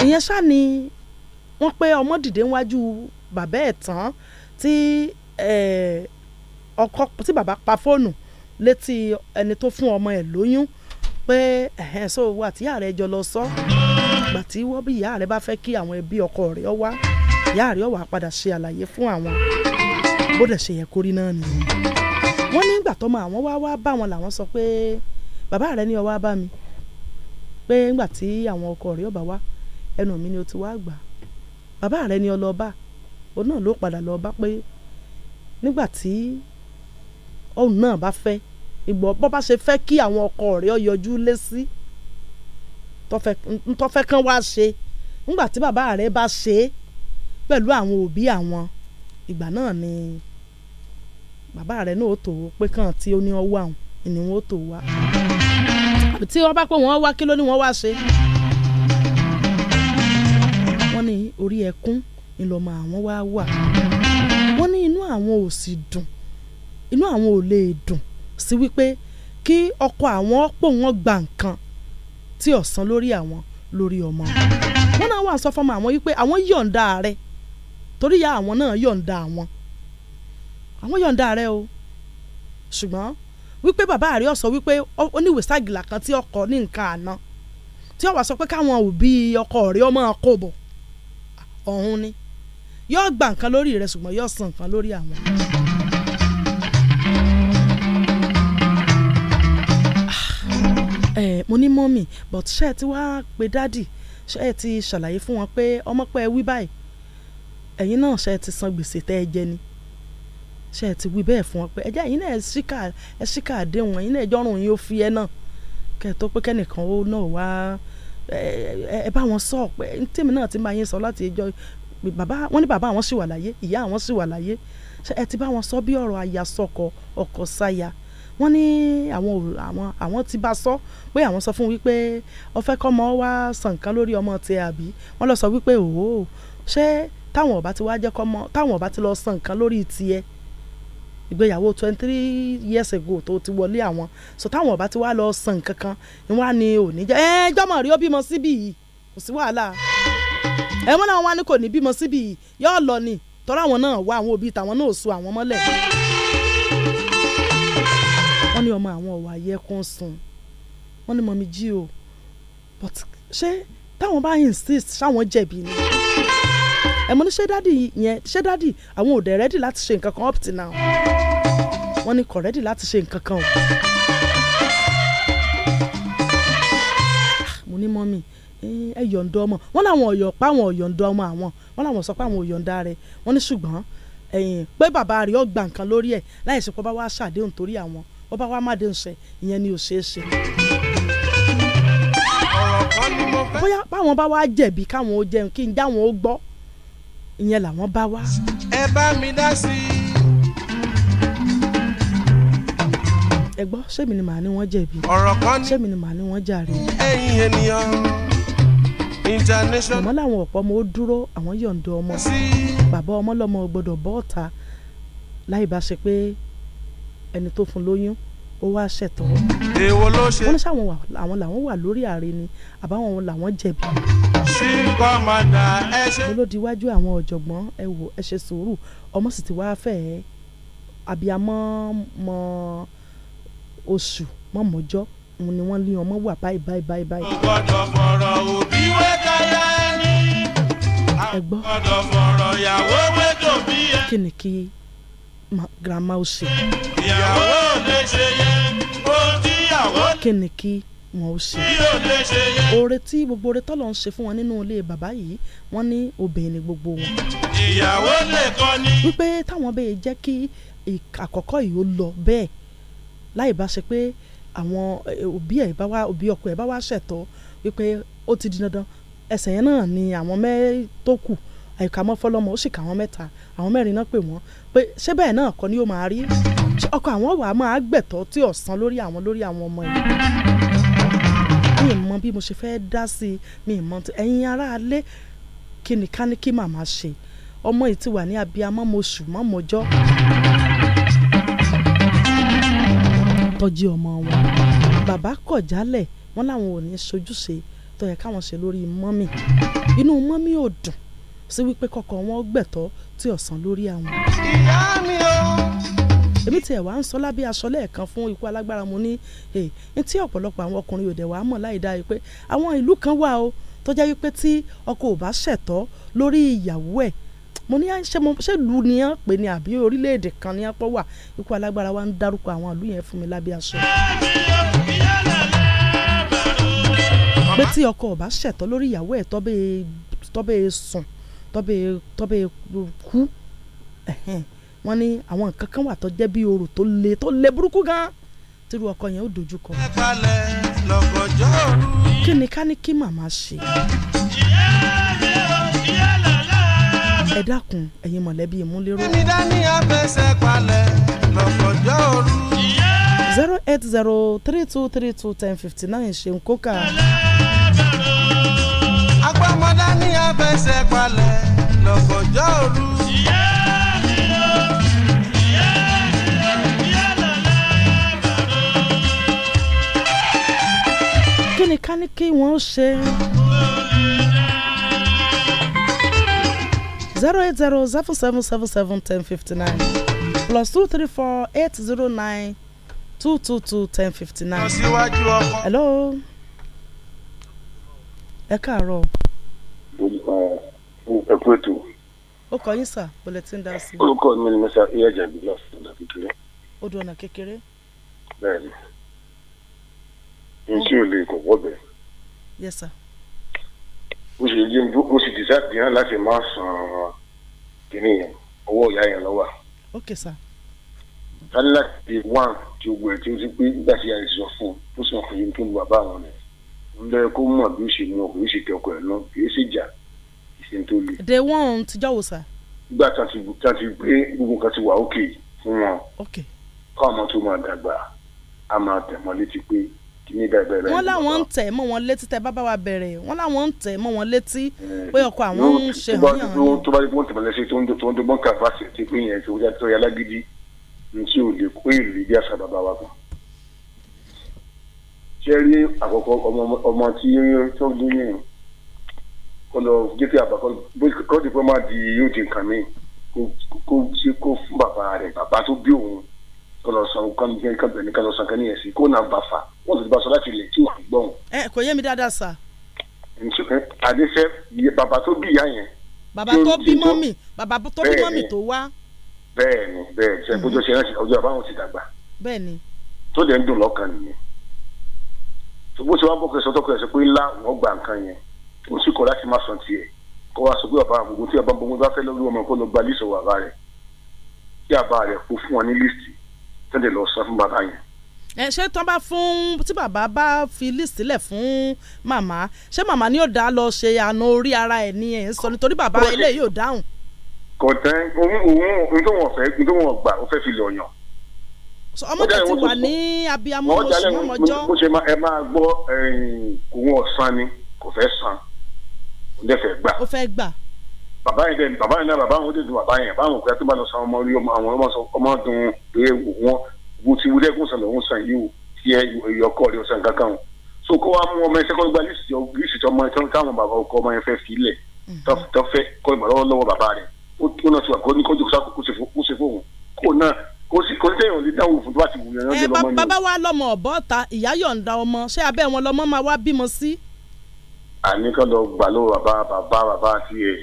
S1: ìyẹn ṣáà ni wọ́n pé ọmọ dìde níwájú bàbá ẹ̀ tán tí ọkọ tí baba pa fóònù létí ẹni tó fún ọmọ ẹ̀ lóyún pé ẹ̀hẹ́n so wo àti ìyá rẹ̀ jọ lọ sọ ìgbà tí wọ́n bí ìyá rẹ̀ bá fẹ́ kí àwọn ẹbí ọkọ rẹ̀ ọ wá ìyá rẹ̀ ọ wá padà ṣe àlàyé fún àwọn bó dẹ̀ ṣe yẹ kó rí náà nìyẹn wọ́n ní ìgbà tọ́mọ àwọn wá wá bá wọn làwọn sọ pé bàbá rẹ̀ ní ó wá bá mi pé ńgbà tí àwọn ọkọ rẹ̀ ó wá ẹnu mi ni o ti wá gbà bàbá rẹ̀ ní ó lọ bá òun náà ló padà lọ bá pé nígbà tí òun náà bá fẹ́ ìgbọ́ bọ́ bá ṣe fẹ́ kí àwọn ọkọ rẹ̀ ọ yọjú lé sí ntọ́fẹ́ kan wá ṣe ńgbà tí bàbá rẹ̀ bá ṣe é pẹ̀lú àwọn òbí àwọn ìgbà náà ni bàbá rẹ̀ náà ó tò ó pé kàn tí ó ní ọwọ́ àwọn ni wọ́n ó tò wá tí wọ́n bá pé wọ́n wá kí ló ní wọ́n wá ṣe wọ́n ní orí ẹkún ìlọ́mọ àwọn wá wà wọ́n ní inú àwọn ò sì dùn inú àwọn ò lè dùn sí wípé kí ọkọ àwọn ọ̀pọ̀ wọn gba nǹkan tí ọ̀sán lórí àwọn lórí ọmọ wọn náà wà sọ fọmọ àwọn yìí pé àwọn yọ̀ǹda rẹ torí ya àwọn náà yọ̀ǹda àwọn àwọn yọ̀ǹda rẹ o ṣùgbọ́n wípé bàbá rẹ ọ̀sọ́ wípé oníwèé ságìlà kan tí ọkọ ní nǹkan àná tí ó wá sọ pé káwọn òbí ọkọ rẹ ọmọ kò bọ̀ ọ̀hún ni yóò gba nǹkan lórí rẹ ṣùgbọ́n yóò san nǹkan lórí àwọn. ẹ mo ní mọ́mì but ṣé ẹ ti wá pe dádì ṣé ẹ ti ṣàlàyé fún wọn pé ọmọ pé ẹ wí báyìí ẹ̀yin náà ṣé ẹ ti san gbèsè tẹ́ ẹ jẹ ni ṣé ẹ ti wí bẹ́ẹ̀ fún wọn pé ẹ jẹ́ ẹ̀yin náà ẹ ṣíkà àdéhùn ẹ̀yin náà ẹjọ́rùn yín ó fi ẹ náà kẹ́ ẹ tó pé kẹ́nìkan ó náà wá ẹ bá wọn sọ pé tèmi náà ti máa yín sọ láti ẹjọ́ bàbá wọn ní bàbá àwọn sì wà láyé ìyá àwọn sì wà láyé ṣé ẹ ti bá wọn sọ bí ọ̀rọ̀ àyàsọkọ ọkọ sáyà wọ́n ní àwọn àwọn àwọn ti bá sọ pé àwọn sọ fún wípé ọfẹ́ kọ́mọ wá san nǹkan lórí ọmọ tiẹ̀ àbí wọ́n lọ sọ wípé òwò ṣé táwọn ọba ti wá jẹ́ kọ́mọ táwọn ọba ti lọ san nǹkan lórí tiẹ̀ ìgbéyàwó twenty three years ago tó ti wọlé àwọn so táwọn ọba ti wá lọ san nǹkan kan ni wọ́n á ní òní jẹ́ ẹ jọ́mọ rí ó bímọ síbí yìí kò sí wàhálà ẹ wọ́n náà wá ní kò ní bímọ síbí yìí yóò lọ ni tọ́ra àwọn náà wá àwọn òbí tàwọn náà sọ àwọn mọ́lẹ̀. yẹ kán san wọ́n ní mọ̀mí jí o but ṣé táwọn bá insist ṣáwọn jẹ̀bi ni ẹ̀mọ́ ní ṣé dádì yẹn ṣé dádì àwọn ò dẹ̀ rẹ́dì láti ṣe nǹkan kan up till now wọ́n ní kò rẹ́dì láti ṣe nǹkan kan o. Ah, mo ní mọ́mì ẹ yọ̀ǹda ọmọ wọ́n láwọn ọ̀yọ̀ pa àwọn ọ̀yọ̀ǹda ọmọ àwọn wọ́n láwọn sọ pé àwọn ọ̀yọ̀ǹda rẹ̀ wọ́n ní ṣùgbọ́n pé bàbá rẹ̀ ó gba nǹkan lórí ẹ̀ láì ṣe pé bá wá ṣàdéhùn torí àwọn ó bá wá má dé nsẹ̀ ìyẹn ni ò ṣeé ṣe. bóyá báwọn bá wá jẹ̀bi káwọn ó jẹun kí n dáwọn ó gbọ́ ìyẹn làwọn bá wá.
S2: ẹ bá mi dá
S1: sí i. ẹ gbọ́ sẹ́mi ni màá ní wọ́n jẹ̀bi sẹ́mi ni màá ní wọ́n jàre. ẹ̀yin ènìyàn international. màmá làwọn ọ̀pọ̀ ọmọ ó dúró àwọn yọ̀ǹda ọmọ bàbá ọmọ lọ́mọ gbọ́dọ̀ bọ́ ọ̀ta láì bá ṣe pé ẹni tó fún lóyún ó wá ṣẹ̀tọ́. èèwọ̀ ló ṣe. wọ́n ní sáwọn àwọn làwọn wà lórí ààrẹ ni àbáwọn làwọn jẹ̀bi. sí kọ́mọ̀dà ẹ ṣe. mo ló di iwájú àwọn ọ̀jọ̀gbọ́n ẹ wò ẹ ṣe sùúrù ọmọ sì ti wá fẹ́ ẹ àbíamọ́ mọ oṣù mọ́ mọ́jọ́ òun ni wọ́n lé ọmọ wà báyìí báyìí báyìí báyìí. mo gbọ́dọ̀ fọ̀rọ̀ òbí wé káyà ẹni. ẹ gbọ́. mo gbọ́dọ̀ grandma ó ṣe. ìyàwó ò
S2: lè ṣe yẹn ohun tí
S1: ìyàwó. kí ni kí wọn ó ṣe. yóò lè ṣe yẹn. oore tí gbogbo oore tọ́lọ̀ ń ṣe fún wọn nínú ilé bàbá yìí wọ́n ní obìnrin ni gbogbo wọn. ìyàwó nìkan ni. wípé táwọn bẹ́ẹ̀ jẹ́ kí àkọ́kọ́ yìí ó lọ bẹ́ẹ̀ láì bá ṣe pé àwọn e, òbí ẹ̀ bá wá òbí ọkọ ẹ̀ bá wá ṣètò wípé ó ti di dandan ẹsẹ̀ yẹn náà ni àwọn mẹ́rin tó kù àyùkámọ́ fọlọ́mọ ó sì kà wọ́n mẹ́ta àwọn mẹ́rin náà pè wọ́n pé ṣé bẹ́ẹ̀ náà kọ́ ni yóò máa rí ọkọ àwọn wàá máa gbẹ̀tọ́ tí ọ̀sán lórí àwọn lórí àwọn ọmọ yìí mi mọ bí mo ṣe fẹ́ dá sí i mi mọ ẹ̀yin aráalé kí ni ká ní kí màmá ṣe ọmọ yìí ti wà ní abiyamọ mo sù mọ́ mọ́jọ́ tọ́jú ọmọ wọn bàbá kọ̀ jálẹ̀ wọ́n láwọn ò ní ṣojúṣe tó yẹ káwọn ṣe lórí mọ́mì inú mọ́mì ò dùn sí wípé kọkàn wọn gbẹ̀tọ́ tí ọ̀sán lórí àwọn. ìyá mi o. èmi tiẹ̀ wá ń sọ lábẹ́ aṣọ lẹ́ẹ̀kan fún ikú alágbára mo ní ẹ̀ tí ọ̀pọ̀lọpọ̀ àwọn ọkùnrin òde wa mọ̀ láì dáa yìí pé àwọn ìlú kan wà o tó jẹ́ wípé tí ọkọ ò bá ṣẹ̀tọ́ lórí ìyàwó ẹ̀ mo ní ṣé mo ṣé lu ni ẹ pè ní àbí orílẹ̀-èdè kan ní apọ̀ wà ikú alágbára wa ń dárúkọ àwọn ìlú yẹn fún mi lábẹ́ aṣọ. pé tí ọkọ ò bá ṣẹ̀tọ́ lórí ìyàwó ẹ̀ tọ́bẹ̀ sùn tọ́bẹ̀ tọ́bẹ̀ kú wọ́n ní àwọn nǹkan kan wà tó jẹ́ bí orò tó le tó le burúkú gan tírú ọkọ yẹn ó dojú kọ. kí ni ká ní kí màmá ṣe. ẹ dákun ẹ̀yin mọ̀lẹ́bí ìmúlérò. ẹni dání afẹsẹ̀ palẹ̀ lọ́kọ̀jọ́ òru. zero eight zero three two three two ten fifty nine ṣe ń kó kà.
S2: Ọmọdá ní abẹ́sẹ̀ palẹ̀ lọ́gọ́jọ́ òru.
S1: kí ni ká wọ́n ṣe. zero eight zero seven seven seven seven ten fifty nine plus two three four eight zero nine two two two ten fifty nine. hello ẹ káàárọ̀ ẹkú ètò. ó kọ yín sà bọ́lẹ̀ dá sí. orúkọ mi ni mẹ́sà iye jàbí ọ̀nà kékeré. odò ọ̀nà kékeré. bẹ́ẹ̀ni
S3: n tí ò lè kọ̀wọ́ bẹ̀. yes sir. mo sì yé mo sì dìsá dìrán láti má san kínní yẹn owó ìyá yẹn lọ́wọ́. ok sir. kálí láti wán tí o gbọ́ ẹ̀ tí o ti pé nígbà tí a yẹ fún un ó sọ fún yín kí n bàbá àwọn rẹ̀ ń bẹ́ẹ̀ kó mọ̀ bí ó ṣe mọ̀ kò ó ṣe kẹ́kọ̀ọ́ ẹ̀ náà kì í ṣe jà ṣe tó le.
S1: day one tíjọ́ wò sá.
S3: nígbà tá a ti gbé gbogbo nǹkan ti wà òkè fún wọn káwọn ọmọ tó máa dàgbà á máa tẹ̀ mọ́ létí pé kìíní dàgbà rẹ̀. wọ́n
S1: láwọn ń tẹ̀ mọ́ wọn létí tẹ bàbá wa bẹ̀rẹ̀ wọ́n láwọn ń tẹ̀ mọ́ wọn létí eh, pé ọkọ àwọn ń ṣe hàn yàn.
S3: tó bá dé pọ́n tẹ̀mọ́lẹ́ ṣe tó ń dọ́gbọ́n kàfà sí ti pín yẹn tó yá lágídí ní tí ò lè kó ìlú ìdí àṣà bàbá wa kan ṣe rí àkọ́kọ́ ọmọ tí yóò tó dún yẹn ọ̀nà gẹ́gẹ́ àbá kọ́ọ̀dì pé máa di yóò di nǹkan mi kó ṣe kó fún bàbá rẹ̀ bàbá tó bí òun kọlọ sọ nǹkan bí nǹkan bẹ̀rẹ̀ nǹkan lọ sọ nǹkan nìyẹn sí kó nà bá fa wọn sì ti bá sọ láti ilẹ̀ tí wọn gbọ́n.
S1: ẹ kò yé mi dáadáa sà.
S3: àdéṣe bàbá tó bí ìyá yẹn.
S1: bàbá tó bí mọ́mì bàbá tó bí mọ́mì tó wá.
S3: bẹ́ẹ̀ni bẹ́ẹ̀ni sẹ bójú ṣe rántí ọjọ́ àbáwọn ti dàgbà. bẹ́ẹ̀ni. tó dẹ̀ ń dùn lọ́kàn nìyẹn. bó ṣe wá bọ́kẹ́ sọ sọ pé ńlá wọn gbà nǹkan yẹn o sì kọ láti má sàn tiẹ̀ kó wá sọ pé bàbá àgbègbè tí bàbá gbogbo bá fẹ́ lórí ọmọ kó lọ gba lísì ọwọ́ àbá rẹ̀ kí àbá rẹ̀ kó fún wọn ní lísì tẹ́lẹ̀ lọ san fún bàbá yẹn.
S1: ẹ ṣé tán bá fún tí bàbá bá fi lísì lẹ̀ fún màmá ṣé màmá ni yóò dá lọ ṣe àna orí ara ẹ̀ ni ẹ̀ ń sọ nítorí bàbá ilé yóò dáhùn.
S3: kọ̀tán òun òun tó wọn fẹ́ tó wọn gbà ó fẹ́ fi lọ yàn ọmọ tó ti wà ní
S1: abiyamọ oṣù mọ́mọ́jọ́. mo
S3: ṣe ẹ máa gbọ́ kò wọ́n san ni kò fẹ́ san n dẹ fẹ́ gbà. o fẹ́ gbà. bàbá yẹn dẹ bàbá yẹn náà bàbá wọn ó dé dun bàbá yẹn báwọn òkè tó bá lọ sọ ọmọ orí ọmọ àwọn ọmọ sọ ọmọ dun pé wọn wo ti wúlẹ̀ kó sàn lòún sàn yìí o ti ẹ ìyọkọ rẹ sàn kankan o so kó wa mú ọmọ ẹsẹ kó gba lísì tó ọmọ ẹsẹ táwọn bàbá kò mm-hmm. sí kò sí téèyàn lè dáhùn fún tó bá ti wù yẹn. ẹ eh, bàbá
S1: wa lọmọ ọ̀bọ ta ìyá yọ̀ǹda ọmọ ṣé abẹ́ wọn lọmọ máa wá bímọ sí
S3: àní kán lọ gbà lọ́wọ́ bàbá bàbá bàbá tiẹ̀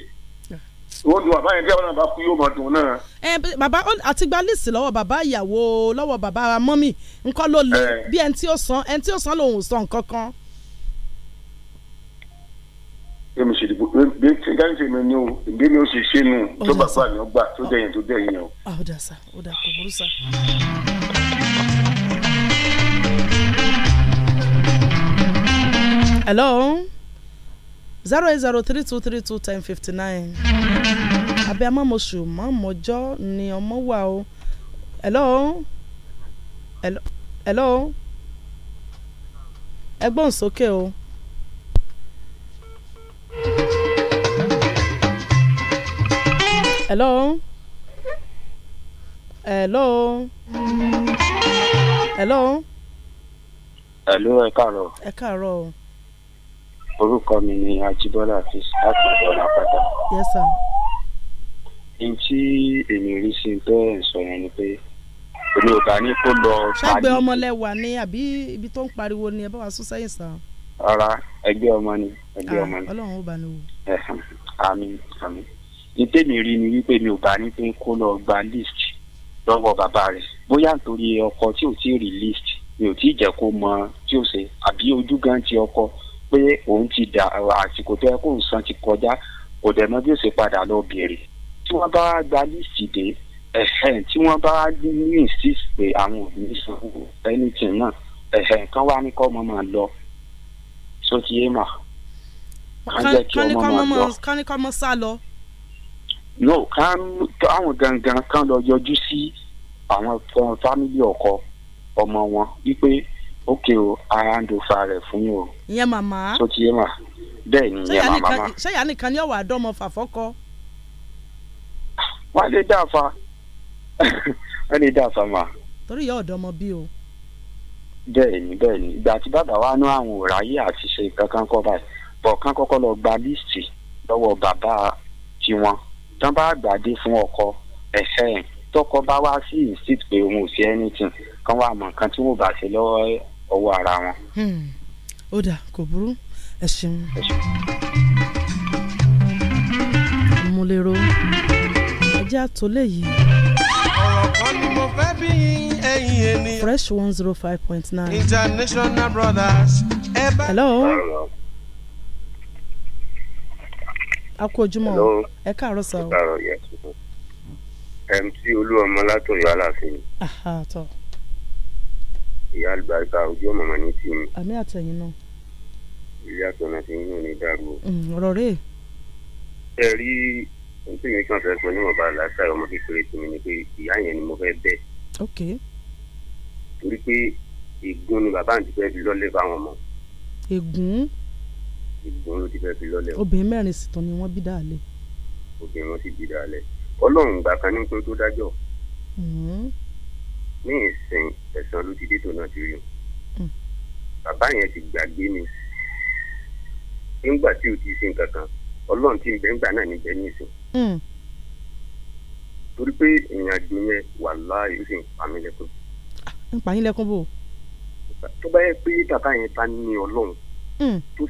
S3: wọ́n dùn bàbá yẹn kí àwọn bàbá kú yóò máa dùn náà.
S1: ẹ bàbá àti gba lísì lọ́wọ́ bàbá ìyàwó lọ́wọ́ bàbá mọ́mì nǹkan ló le bí ẹni tí ó san ẹni tí ó san lòun ò san nǹkan kan.
S3: èmi ṣe dìbò bí gáàsì mi ni o ìgbé mi ò sì ṣe nù tó bàbá mi ò gbà tó dẹ̀yìn tó dẹ̀yìn o.
S1: Ah, ó dà sá ó kò burú sá. hello zero eight zero three two three two ten fifty nine abẹ́ amámoṣù mọ́mọ́jọ́ ni ọmọ wà o hello hello hello ẹgbọ́n sókè o. hello hello hello.
S3: hello ẹ káàárọ̀. ẹ káàárọ̀ orúkọ mi ni Ajíbọ́lá fis láti ọ̀dọ̀ àpáta. yes sir. n tí èmi rí sí bẹ́ẹ̀ sọ yẹn ni pé èmi ò bá ní kó lọ. ṣẹ́gbẹ́
S1: ọmọlẹ́wà ni àbí ibi tó ń pariwo ni ẹ bá wa sún sẹ́yìn sàn.
S3: rárá ẹgbẹ́ ọmọ ni ẹgbẹ́ ah, ọmọ ni. ọlọ́run ó bá ní wò. àmín àmín ní tèmi rí ni wípé mi ò bá ní pé kó lọ gba list lọ́wọ́ bàbá rẹ̀ bóyá nítorí ọkọ tí ò tí ì rí list mi ò tí ì jẹ́ kó mọ tí ò ṣe àbí ojú gan ti ọkọ pé òun ti dà àsìkò tó yẹ kó ń san ti kọjá kò dẹ̀ mọ́ bí ó ṣe padà lọ bèrè tí wọ́n bá gba líìsì dé ẹ̀hẹ̀n tí wọ́n bá ní insist pé àwọn ò ní sanwó anything náà ẹ̀hẹ̀n kan wá ní kọ́ ọmọ máa lọ sókè émà máa jẹ́ kí ọmọ máa lọ.
S1: kán ní kọ́ ọmọ sá lọ.
S3: no káwọn gangan kan lọ yọjú sí àwọn fámìlì ọkọ ọmọ wọn wípé ókè o ara ń do fa rẹ̀ fún yín o.
S1: ìyẹn màmá. tó ti yé mà
S3: bẹ́ẹ̀ ni ìyẹn màmá mà.
S1: sẹ́yà nìkan ni ọ̀wà àdọ́mọ fàfọ́kọ.
S3: wọ́n lè dá fa wọ́n lè dá fa mà.
S1: torí ìyá ọ̀dọ́mọ bí o. bẹ́ẹ̀ ni bẹ́ẹ̀
S3: ni ìgbà tí bàbá wa ná àwọn yìí àti ṣe kankan kọ́ báyìí bọ̀ kán kọ́kọ́ lọ gba líìsì lọ́wọ́ bàbá tiwọn tán bá gbàdé fún ọkọ ẹ̀ṣẹ́ yẹn tọkọ bá wá sí ìsít pé òun ò sí anything kán wà mọ̀ nǹkan tí wọ́n bá ṣe lọ́wọ́ ọwọ́
S1: ara wọn. Hmm. ó dà kò burú ẹ ṣeun. mo lè ro ajá tó lè yí. ọ̀rọ̀ kan ni mo fẹ́ bí ẹ̀yin ènìyàn. fresh one zero five point nine. international brothers. hello. a kú ojúmọ́ ẹ káàárọ̀ sá o.
S3: ẹ káàárọ̀ yẹn. mc olúọmọ látòyọ aláàfin.
S1: àhà tó
S3: ìyá àlùbáríkà ojú ọmọ màmá ní tì mí.
S1: àmì àtẹ̀yìn náà.
S3: ilé àtọ̀nà ti yín náà ní dàrú.
S1: Mm, ọ̀rọ̀ rẹ̀.
S3: ẹ rí ohun tí mi kàn fẹ́ sọ níwọ̀nba làásàrò ọmọ kékeré tí mi ni pé ìyá yẹn ni mo fẹ́ bẹ̀. ok. torí pé ègún ni bàbá àǹtí fẹ́ fi lọ́lẹ̀ fáwọn ọmọ. ègún. ègún ló ti fẹ́ fi lọ́lẹ̀. obìnrin
S1: mẹ́rin sì tán ni wọ́n bí dáalẹ̀.
S3: obìnrin wọn sì bí dáalẹ̀ ọlọ́run gbà ní ìsìn ẹ̀sán ló ti dé tó náà ti rí o hmm. bàbá yẹn ti gbàgbé ni nígbà tí o ti ṣe nǹkan kan ọlọ́run ti ń bẹ ńgbà náà níbẹ̀ ní ìsìn hmm. torí pé ìrìnàjò yẹn wà láàyè ó sì ń pa mí lẹ́kún.
S1: Ah, ń pa yín lẹ́kún bò.
S3: tó bá yẹ pé bàbá yẹn bá ní ọlọ́run hmm. tó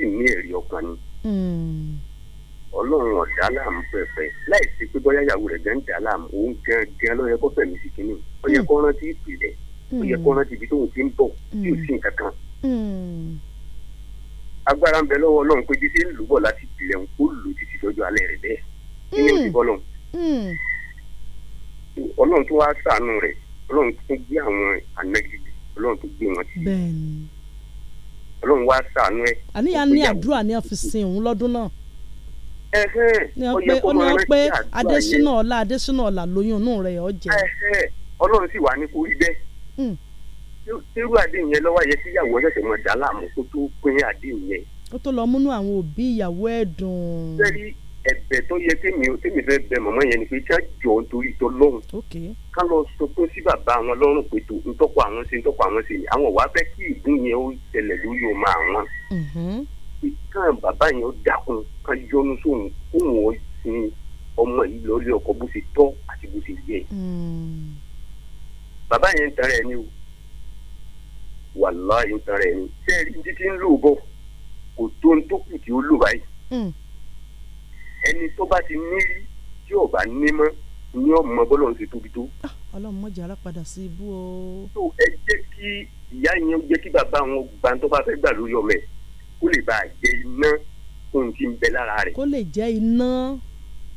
S3: sì ní ẹ̀rí ọkàn ni ọlọ́run ọ̀dá láàmú pẹ̀pẹ̀ láì sí pé bóyá ìyàwó rẹ̀ gan dá láàmú òun gangan ló yẹ kó fẹ̀mí sí kínní ó yẹ hmm. kó rántí ìpìlẹ̀ ó yẹ kó hmm. rántí ibi tóun ti ń bọ̀ tí ò hmm. sí nǹkan kan. agbára ń bẹ lọ́wọ́ ọlọ́run pé jíṣẹ́ lù bọ̀ láti ìpìlẹ̀ òun kó lù títí dọ́jọ́ alẹ́ rẹ̀ bẹ́ẹ̀ kí ni ó ti bọ́ lọ́hùn. ọlọ́run tó wá sàánú rẹ̀ ọlọ́run tó gbé àwọn ànágídí ọlọ́run àníyàn ní
S1: àdúrà ní àfìsìn òun lọ́dún náà. ó ní ọ pé adésínà ọlá adésínà ọlá lóyún inú rẹ̀
S3: ọlọ́run sì wà ní kó rí bẹ́ẹ̀ hmm. tírú àdéhùn yẹn lọ́wọ́ yẹ mọ̀ dá láàmú kó tó pín àdéhùn yẹn.
S1: ó tó lọ múnú àwọn òbí ìyàwó sẹ́rí
S3: ẹ̀bẹ̀ tó yẹ kémi fẹ́ bẹ jọ tọ́ lọ́hùn. ká sọ pé sí bàbá àwọn lọ́rùn pé tó àwọn àwọn àwọn kí yẹn ó ṣẹlẹ̀ lórí pé káwọn bàbá yẹn dákun ká yọnu sóhun kóhun ọ sin ọmọ yìí lọlé ọkọ bó ṣe tọ́ àti bó ṣe yẹ. Hmm. bàbá yẹn ń tara ẹ ní o wàláhì ń tara ẹ ní sẹ́ẹ̀rì ní títí ń lò bọ̀ kò tó ń tó kù tí ó lò báyìí. Hmm. ẹni tó bá ti ní rí tí ò ní mọ́ ní ọmọ bọ́lọ̀ ń ṣe tóbi tó.
S1: Ah, ọlọ́run mọ̀jà alápadà sí ibú o. ẹ jẹ́
S3: kí ìyá yẹn jẹ́ kí bàbá wọn gbàǹtọ́ bá fẹ́ gbà lórí ọmọ ẹ̀ kó lè bá jẹ iná ohun tí ń bẹ lára rẹ̀. kó lè jẹ iná.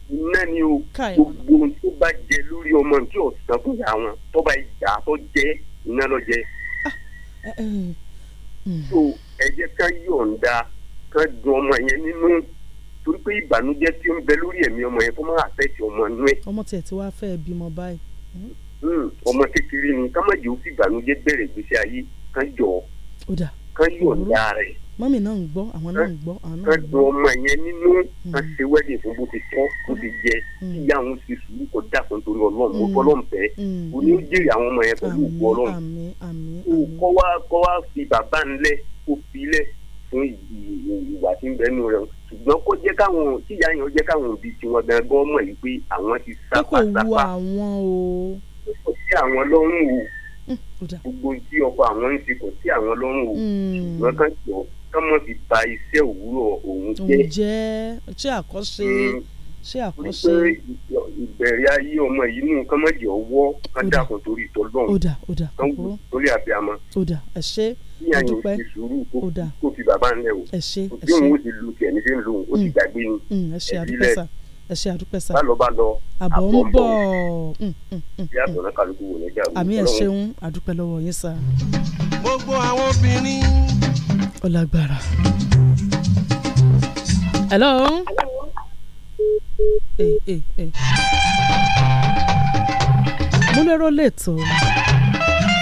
S3: iná ni o gbogbo ohun tó bá jẹ lórí ọmọ tí ọ̀sán fún ìyá wọn tó bá ìyá tó jẹ iná lọ jẹ.
S4: Ah, eh,
S1: eh,
S3: hmm. so ẹ jẹ́ ká yọ̀ǹda ká dùn ọmọ yẹn nínú torí pé ìbànújẹ́ tí ó ń bẹ lórí ẹ̀mí ọmọ yẹn kó má àfẹ́tì ọmọ inú ẹ̀.
S1: ọmọ tiẹ̀ tí wàá fẹ́ bímọ báyìí.
S3: Hmm, ọmọ kékeré ni ká má jẹ́ òfin ìbànújẹ́ bẹ̀rẹ̀ gbèsè ayé kan jọ kan yọ̀ǹda rẹ̀
S1: mọ́mì náà ń gbọ́ àwọn náà ń gbọ́ àwọn
S3: náà ń gbọ́. ẹ ọmọ yẹn nínú ẹ hmm. ṣe wẹ́ẹ̀dì fún bó ti kọ́ bó ti jẹ kí hmm. ìyá àwọn ti sùúrù kọ dákun torí ọlọ́run mo hmm. fọ́ ọlọ́run fẹ́ o ní jèrè àwọn ọmọ yẹn pẹ̀lú òkú ọlọ́run o kọ́ wá kọ́ wá fi bàbá ńlẹ̀ kó fi lẹ̀ fún ìwà tí ń bẹ nù rẹ ṣùgbọ́n kó jẹ́ káwọn tíyà yẹn ó jẹ́ káwọn òbí tiwọn gangan mọ̀ yìí pé àwọn ti sápá sápá gbogbo tí ọkọ àwọn ń ṣe sí àwọn lọ́rùn o hmm. ṣùgbọ́n kàn jọ kán mọ̀ fi ba iṣẹ́ òwúrọ̀ òun jẹ́. òun jẹ́ ṣé àkọ́ṣe hmm. ṣé àkọ́ṣe. ìbẹ̀rẹ̀ ayé ọmọ yìí nù kán mọ̀ jẹ́ ọwọ́ kán dàkún torí ìtọ́lọ́run. ó dà ó dà kúkúrú lórí àbíamọ.
S1: ó dà ẹ ṣe ó dúpẹ́ ó dà ó fi bàbá ńlẹ̀ o. ẹ ṣe ẹ ṣe bí òun ó ti lu tiẹ̀ ní ṣe ń lo òun ó ti hmm. gbàgbé ni. ẹ ṣe àdúpẹ́ sà ẹ ṣe àdúpẹ́ sá. bálọ̀ bá lọ àbọ̀ ń bọ̀ mm, mm, mm,
S3: ìyá àtọ̀rẹ́ kálukú wò ní
S1: dàrú. àmì ẹ ṣeun àdúpẹ́ lọ́wọ́ yín sá. gbogbo àwọn obìnrin. ọlágbára. hello. mo lérò lẹ́tọ̀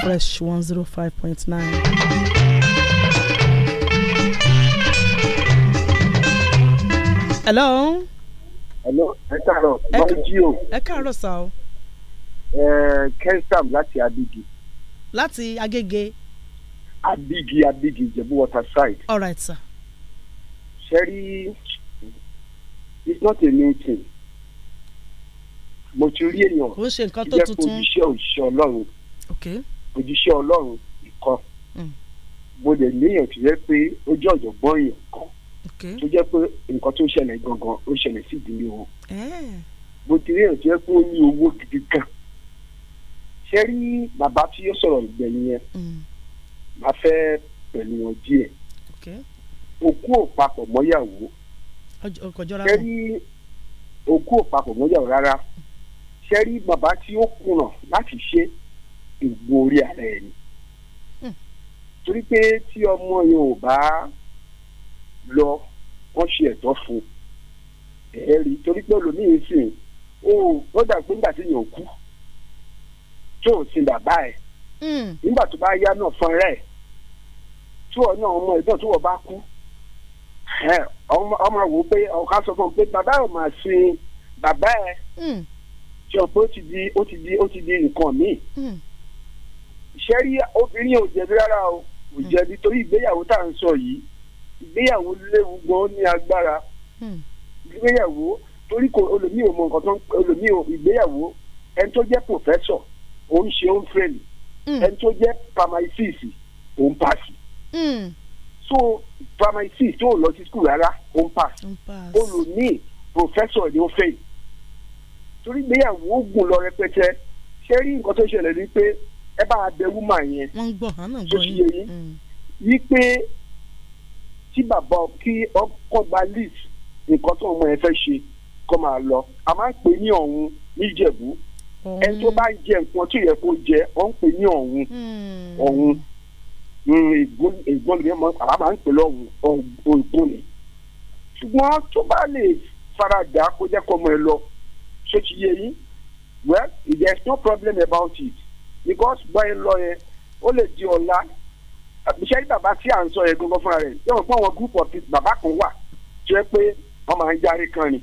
S1: fresh one zero five point nine. hello ẹ káàárọ̀ lọ́n jí o. ẹ káàárọ̀ sá o. kensam láti Agége. láti Agége.
S3: abigi, Agége Ìjẹ̀bú water side. all right sir. sẹ́rí it's not a new thing mo ti rí èèyàn ó ṣe nǹkan tó tuntun mm. jẹ́ ojúṣe òṣìṣẹ́ ọlọ́run ojúṣe ọlọ́run ìkan mo lè léèyàn tó yẹ pé ó ọ̀jọ̀gbọ́n èèyàn kan tó jẹ́ pé nǹkan tó ṣẹlẹ̀ gangan ó ṣẹlẹ̀ sí ìdílé wọn bó eh. ti rí ẹ̀ tó yẹ pé ó ní owó gidi kan ṣé rí bàbá tí yóò sọ̀rọ̀ ìgbẹ̀yìn yẹn máa mm. fẹ́ pẹ̀lú wọn díẹ̀ òkú ò papọ̀ mọ́yàwó ṣé rí òkú ò papọ̀ mọ́yàwó rárá ṣé rí bàbá tí ó kùnà láti ṣe ìgbò orí ara ẹni hmm. torí pé tí ọmọ yẹn bá lọ wọ́n ṣe ẹ̀tọ́ fún ẹ rí torí pé olómiì sì ó dà pé nígbà tí yẹn ò kú tí ò sin bàbá ẹ̀ hmm. nígbà tó bá yá náà fún rẹ̀ tí wọ́n náà ọmọ ẹ̀gbọ́n tí wọ́n bá kú ọmọ wò pé ọ̀ká sọ fún un pé bàbá ò máa sin bàbá ẹ̀ tí ọ̀pẹ ó ti di ó ti di ó ti di nǹkan míì hmm. ṣẹ́rí obìnrin ò jẹ̀bi rárá o ò hmm. jẹ̀bi torí ìgbéyàwó tá à ń sọ yìí ìgbéyàwó léwu gan ní agbára hmm. ìgbéyàwó torí kò olùmí ò mọ nǹkan tó olùmí ò ìgbéyàwó ẹni tó jẹ́ pòfẹ́sọ̀ òun ṣe òun fẹ́ẹ̀lì hmm. ẹni tó jẹ́ pàmáìsìsì òun pàṣì so pàmáìsìsì tó lọ sí skul rárá òun pàṣì olùmí pòfẹ́sọ̀ ni ó fẹ́ẹ̀lì torí ìgbéyàwó gùn lọ rẹpẹtẹ ṣé rí nǹkan tó ṣẹlẹ̀ ni pé ẹ bá a bẹ wúmà yẹn. wọ́n ń gbọ́ àná gbọ́ yín. yí hmm tí bàbá kí ọkọ gba list nǹkan tó ọmọ yẹn fẹ́ ṣe kó máa lọ a máa pè ní ọ̀hún níjẹ̀bú hmm. ẹni tó bá jẹ nǹkan tó yẹ kó jẹ ọ ń pè ní ọ̀hún hmm. ọ̀hún ìgbọ́n lèmi àwa máa ń pè lọ́hún ògùn ṣùgbọ́n tó bá lè faradà kó jẹ́ kó ọmọ ẹ lọ ṣé ti yé yín well there is no problem about it because bọ́ ẹ lọ yẹn ó lè di ọ̀la àbíṣẹ́ yìí bàbá tí à ń sọ ẹ̀gbọ́n kan fúnra rẹ̀ yóò gbọ́ wọn group of people bàbá kan wà tó yẹ pé wọ́n máa ń járe kan ni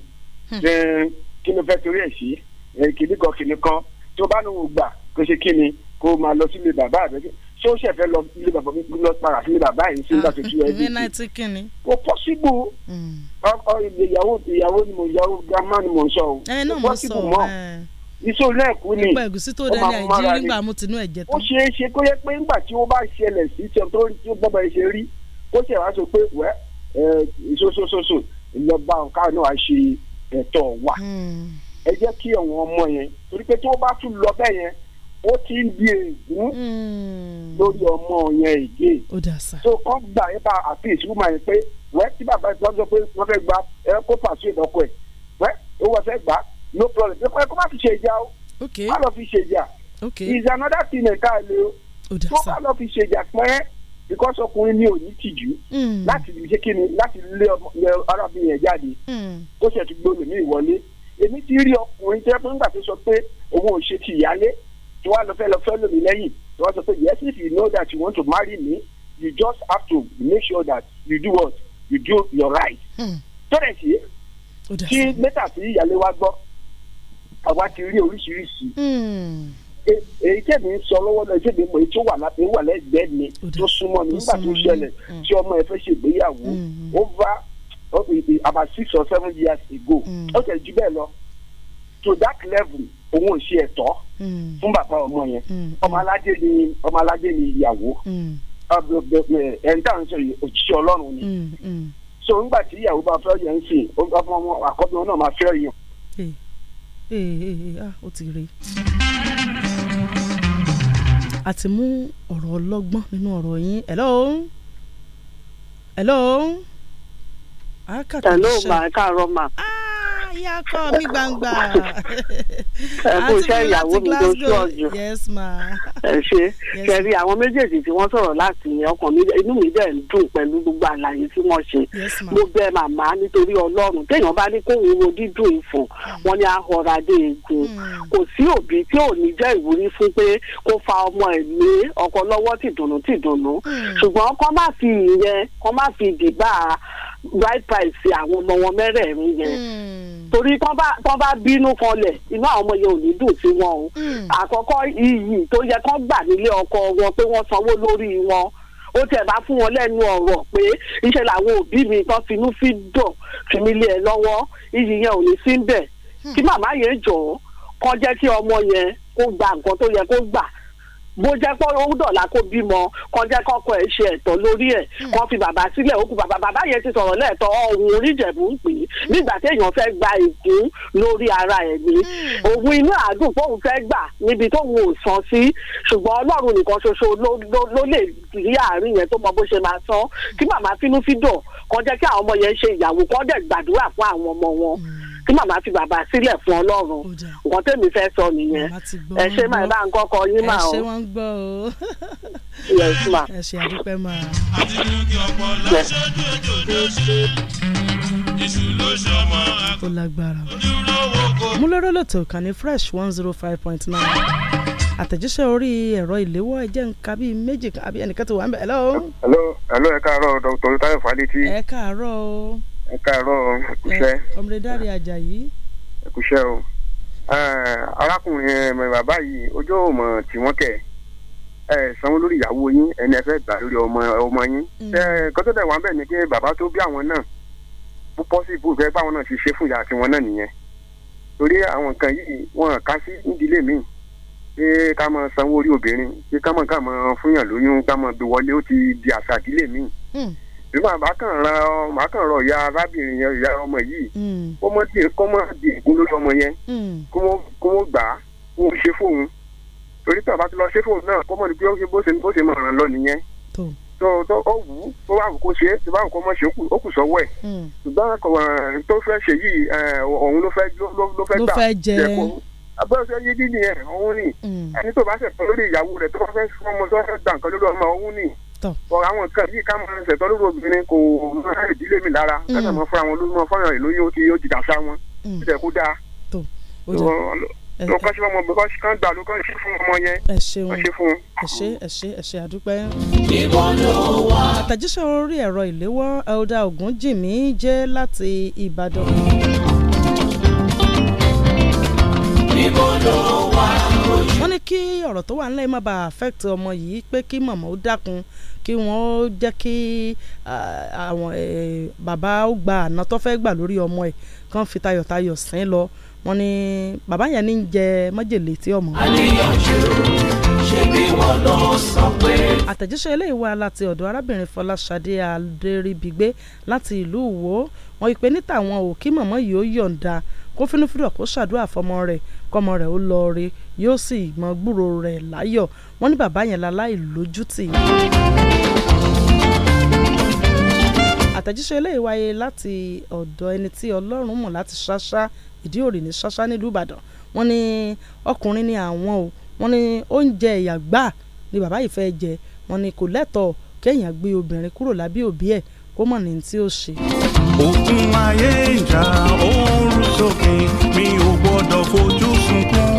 S3: hmm. kí ni fẹ́ torí ẹ̀ sí kìnnì kan kìnnì kan tó bá nù gbà kó ṣe kí ni kó máa lọ sílé bàbá rẹ̀ tó ṣe fẹ́ lọ sílé bàbá lọ para sílé bàbá yìí sí láti tú
S1: ẹbí
S3: kò pọ́síbù hmm. ìyàwó ìyàwó ni mo ìyàwó grandma ni mo ń sọ o kò pọ́síbù mọ́ iṣẹ́ olú ẹ̀kú ni nípa ẹ̀gúsí tó dẹ́rẹ́ àìjírí nígbà mo ti nú ẹ̀jẹ̀ tán. ó ṣeé ṣe kó yẹ pé nígbà tí ó bá ṣẹlẹ̀ sí tí ọ̀tọ́ tí ó bọ́bọ̀ ṣe rí kó ṣe wá sọ pé wẹ́ ìṣoṣoṣoṣo ìjọba nǹkan náà ṣe ẹ̀tọ́ wa. Hmm. ẹ jẹ́ kí àwọn ọmọ yẹn torí pé tí ó bá tún lọ bẹ́ẹ̀ yẹn ó ti ń di ègún hmm. lórí ọmọ yẹn ìgé. ó dà sá. tó kọ́ gbà yẹn bá àti ìṣúgbọ́n yẹn pé wẹ́ tí bàbá ìṣúgbọ́n sọ pé wọ́n fẹ́ gba ẹ̀kọ́ pàṣẹ ìdọ́kọ̀ ẹ̀ wẹ́ ó wọ́n fẹ́ gbà á no problem ẹ kó má fi ṣèjà o má lọ fi ṣèjà is another thing ẹ̀ka ilé o tó bá lọ fi ṣèjà pẹ́ because ọkùnrin ni ò ní tìjú hmm. láti ṣe kí ni láti lé arábìnrin yẹn jáde kó hmm. ṣe ti gbóòlù ní ìwọlé èmi ti rí ọkùnrin tẹ́ fún ìgbà tó sọ pé òun ò ṣe ti ìyálé tí wọ́n á lọ fẹ́ lọ fẹ́ lómi lẹ́yìn tí wọ́n sọ pé yes if you know that you want to marry me you just have to make sure that you do what you do your right. Hmm. tó dẹ̀ sí kí mẹ́tà sí ìyálé wa gbọ́ àwa ti rí oríṣiríṣi hmm. e, èyí tẹ̀mí ń sọ lọ́wọ́ náà ṣègbè mọ̀ èyí tó wà láti wà lẹ́gbẹ̀ẹ́ mi tó súnmọ́ mi nígbà tó ṣẹlẹ̀ hmm. tí ọmọ ẹ fẹ́ ṣègbéyàwó hmm, over oh, about six or seven years ago ó tẹ̀ jù bẹ́ẹ̀ lọ to that level òun ò ṣe ẹ̀tọ́ fún bàbá ọmọ yẹn ọmọ aládé ni ọmọ aládé ni ìyàwó ah, ẹ̀ńtà ń sọ òjíṣẹ́ ọlọ́run ni so nígbà tí ìyàwó bá fẹ́ yẹn ń sìn ọmọ àkọ́bí wọn náà máa fẹ́ yẹn.
S1: Eh, eh, eh, ah, ó ti rè a ti mú ọ̀rọ̀ ọlọ́gbọ́n nínú ọ̀rọ̀ yín hello hello. hello ma ẹ káàárọ̀ ma. Ah, ayé akọ mi gbangba. ẹ kò iṣẹ́ ìyàwó mi tó ṣú ọjọ́ ẹ
S5: ṣe kẹrí àwọn méjèèjì tí wọ́n sọ̀rọ̀ láti ọkàn mi inú mi dẹ̀ ń dùn pẹ̀lú gbogbo àlàyé tí wọ́n ṣe mo bẹ̀ màmá nítorí ọlọ́run téèyàn bá ní kó wo dídùn ìfún hmm. wọn ni ahọ́radé egun hmm. kò sí òbí tí ò ní jẹ́ ìwúrí fún pé kó fa ọmọ ẹ̀ ní ọkọ lọ́wọ́ tìdùnnú tìdùnnú hmm. ṣùgbọ́n kọ́ má fi ìyẹn kọ́ má fi dìbà bride price àwọn ọmọ wọn mẹ́rẹ̀ẹ̀rin yẹn hmm. torí tán bá bínú kanlẹ̀ inú àwọn ọmọ yẹn ò ní dùn sí wọn o hmm. àkọ́kọ́ iyì tó yẹ kán gbà nílé ọkọ wọn pé wọ́n sanwó lórí wọn ó tiẹ̀ bá fún wọn lẹ́nu ọ̀rọ̀ pé iṣẹ́ làwọn òbí mi tán finú fi dùn fi ẹ lọ́wọ́ iyì yẹn ò ní sí ń hmm. kí màmá yẹn jọ̀ọ́ kó jẹ́ kí ọmọ yẹn kó gba nǹkan tó yẹ kó gbà bó jẹ́ pé ó dọ̀la kó bímọ kọjá kọ́kọ́ ẹ̀ ṣe ẹ̀tọ́ lórí ẹ̀ hmm. kọ́ fi bàbá sílẹ̀ ó kú bàbá bàbá yẹn ti sọ̀rọ̀ lẹ́ẹ̀tọ́ ọ̀hún oríjẹ̀bù ń pè é hmm. nígbà téèyàn fẹ́ gba ìkún lórí ara ẹ̀ ni hmm. òun inú àádùn fóun fẹ́ gbà níbi tóun ò san sí ṣùgbọ́n ọlọ́run nìkan ṣoṣo ló lè rí àárín yẹn tó mọ bó ṣe máa san kí màmá fínúfíndọ̀ kọjá kí àwọn ọmọ yẹn ṣe ìyàwó kọ́ dẹ̀ gbàdúrà fún àwọn ọmọ wọn kí màmá fi bàbá sílẹ̀ fún ọlọ́run nǹkan tèmi fẹ́ sọ nìyẹn ẹ ṣe máa bá ń kọ́kọ́ yín máa o. ẹ ṣe
S1: wọ́n ń gbọ́ o. ẹ ṣe àdúpẹ́ máa. ó lágbára. mú lọ́rọ́ lọ́tọ̀ kàn ní fresh one zero five point nine àtẹ̀jíṣẹ́ orí ẹ̀rọ ìléwọ́ ẹ̀jẹ̀ nǹkan bíi méjì àbí ẹnìkan tó wà ń bẹ̀. hello.
S3: hello hello ẹ káàárọ̀ dr tayo faleti. ẹ
S1: káàárọ̀ o
S3: ẹ káàárọ̀
S1: ọmọdé dáre ajayi.
S3: ẹkúṣẹ́ o arákùnrin bàbá yìí ojú òmò tí wọ́n kẹ̀ ẹ sanwó lórí ìyàwó yín ẹni ẹ fẹ́ gbà lórí ọmọ ọmọ yín. Mm. ẹ kọ́tọ́tẹ̀ wà ń bẹ̀ ni pé bàbá tó bí àwọn náà bó pọ́sibú fẹ́ báwọn náà ti ṣe fún ìyá tiwọn náà nìyẹn torí àwọn nǹkan yìí wọn kà sí ìdílé mi pé ká máa sanwó orí obìnrin pé ká máa ká máa fúnyàn lóyún ká máa gbé wọlé ó ti di àṣà ìdílé mi. Mm ìgbà màá kàn ran màá kàn rọ ìyá arábìnrin yẹn ìyá ọmọ yìí mm. kó mọ di kó mọ di ègún lórí ọmọ yẹn mm. kó mọ gbà á kó mọ ṣe fóun torí tí bàbá ti lọ ṣe fóun náà kó mọ ní bí ó ṣe bó ṣe bó ṣe mọ ràn lọ nìyẹn tó tó ó wù ú tó bá wù kó ṣe é tó bá wù kó mọ ṣe ó kù sọ́wọ́ ẹ̀ mm. ṣùgbọ́n eh, tó fẹ́ ṣe yìí eh, òun ló fẹ́ ló fẹ́ gbà jẹ́ kó abọ́sẹ̀ ni ẹni tó bá ṣẹ̀ fún lórí ìyàwó rẹ̀ tó bá fẹ́ fún ọmọ tó fẹ́ gbà nǹkan lórí ọmọ òun ni ọ̀rọ̀ àwọn nǹkan yìí ká máa ṣẹ̀tọ́ lóru obìnrin kò máa ìdílé mi lára mm. kẹ́sà máa fúnra wọn lójúmọ́ fọ́nrán ìlú yóò ti yóò jìdá sá wọn ìṣẹ̀ mm. kó dáa lọ́kọ́ sí ọmọ bẹ́ẹ̀ kán gbà
S1: ló kán ṣe fún ọmọ yẹn ẹ ṣeun ẹ ṣe fún. ẹ ṣe ẹ ṣe ẹ ṣe àdúpẹ́. àtẹ̀jíṣẹ́ orí ẹ̀rọ ìléwọ́ elda ogunjìmí jẹ́ láti ìbàdàn. ìbọn ló wà wọ́n ní kí ọ̀rọ̀ tó wà ńlẹ̀ má bàa affect ọmọ yìí pé kí màmá ó dákun kí wọ́n jẹ́ kí àwọn bàbá ó gba àná tó fẹ́ gbà lórí ọmọ ẹ̀ kàn fi tayọ̀tayọ̀ sìn lọ wọ́n ní bàbá yẹn ní jẹ májèlé tí ọmọ. àníyànjú ṣe bí wọn lọ sọ pé. àtẹ̀jíṣẹ́ eléyìí wá láti ọ̀dọ̀ arábìnrin fọláṣadé adéríbigbé láti ìlú ìwó wọn ìpè ní tàwọn ò kí màmá yìí ó yọ̀ǹda kó fínúfínú kó ṣàdúrà fọmọ rẹ̀ kọmọ rẹ̀ ó lọ rí yóò sì mọ gbúrò rẹ̀ láyọ̀ wọ́n ní bàbá yẹn láláì lójútì. àtẹ̀jíṣẹ́ eléyìí wáyé láti ọ̀dọ̀ ẹni tí ọlọ́run mọ̀ láti ṣáṣá ìdí òrì ní ṣáṣá nílùú ìbàdàn wọ́n ní ọkùnrin ni àwọn o wọ́n ní oúnjẹ ìyà gbà ni bàbá yìí fẹ́ jẹ wọ́n ní kò lẹ́tọ̀ọ́ kéèyàn gbé obìnrin kúrò lábẹ́ òbí ẹ̀ kó mọ̀ ní tí ó ṣe. òkun ayé ìjà
S2: oorun sókè mi ò gbọ́dọ̀ fojú sunkún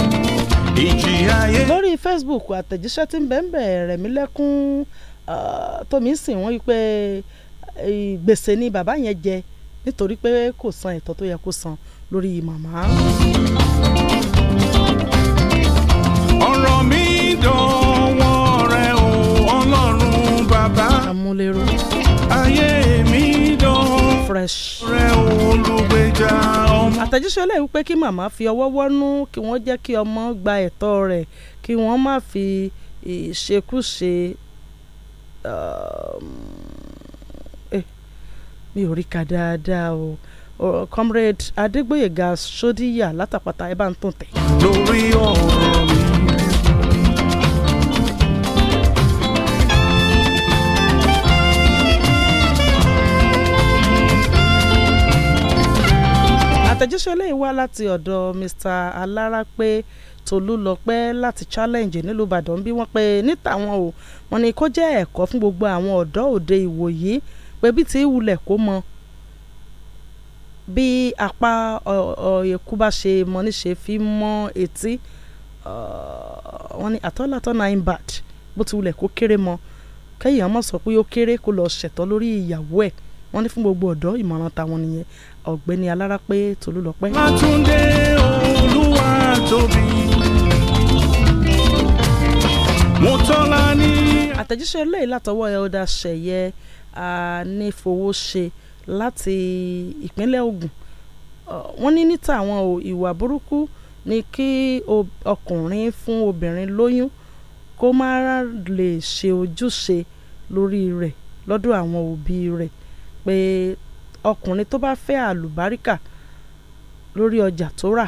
S2: ìjì
S1: ayé. lórí Facebook àtẹ̀jíṣẹ́ tí ń bẹ́ẹ̀ bẹ́ẹ̀ rẹ̀ mí lẹ́kún tómi ń sìn wọ́n yí pé gbèsè ni bàbá yẹn jẹ nítorí pé kò san ẹ̀tọ́ tó yẹ kó san lórí màmá.
S2: ọ̀rọ̀ mi dọ̀wọ́ rẹ̀ o ọlọ́run bàbá.
S1: àmúlérò. ayé fresh. àtẹ̀jíṣẹ́ eléyìí pé kí màmá fi ọwọ́ wọ́nú kí wọ́n jẹ́ kí ọmọ gba ẹ̀tọ́ rẹ̀ kí wọ́n má fi ìṣekúṣe um, eh, mi ò rí ka dáadáa o. comrade adégbòyèga sódíyà látàpàtà ẹ bá ń tún tẹ̀. lórí ọ̀rọ̀. àtẹ̀jíṣẹ́ eléyìí wá láti ọ̀dọ̀ Mr. Alárápé Tolúlọpẹ́ láti Challenge nílùú Ìbàdàn bí wọ́n pe níta wọn o wọ́n ní kó jẹ́ ẹ̀kọ́ fún gbogbo àwọn ọ̀dọ́ òde ìwòyí pé bí ti wulẹ̀ kó mọ bí apá ẹ̀kú bá ṣe mọ níṣe fi mọ́ etí wọ́n ní àtọ́látọ́ náà ń bad bó ti wulẹ̀ kó kéré mọ́ kẹ́yìn ọmọ sọ pé ó kéré kó lọ ṣẹ̀tọ́ lórí ìyàwó ẹ̀ wọ́n ní fún gbogbo ọ̀dọ́ ìmọ̀ràn tàwọn nìyẹn ọ̀gbẹ́ni alárápé tolúlọpẹ́. Mátúndé olúwa tóbi mo tọ́lá ní. àtẹ̀jíṣẹ́ eléyìí látọwọ́ elder ṣẹ̀yẹ anífowóṣe láti ìpínlẹ̀ Ògùn wọ́n ní níta àwọn ìwà burúkú ni kí ọkùnrin fún obìnrin lóyún kó má lè ṣe ojúṣe lórí rẹ̀ lọ́dọ̀ àwọn òbí rẹ̀ pé ọkùnrin tó bá fẹ́ àlùbáríkà lórí ọjà tó rà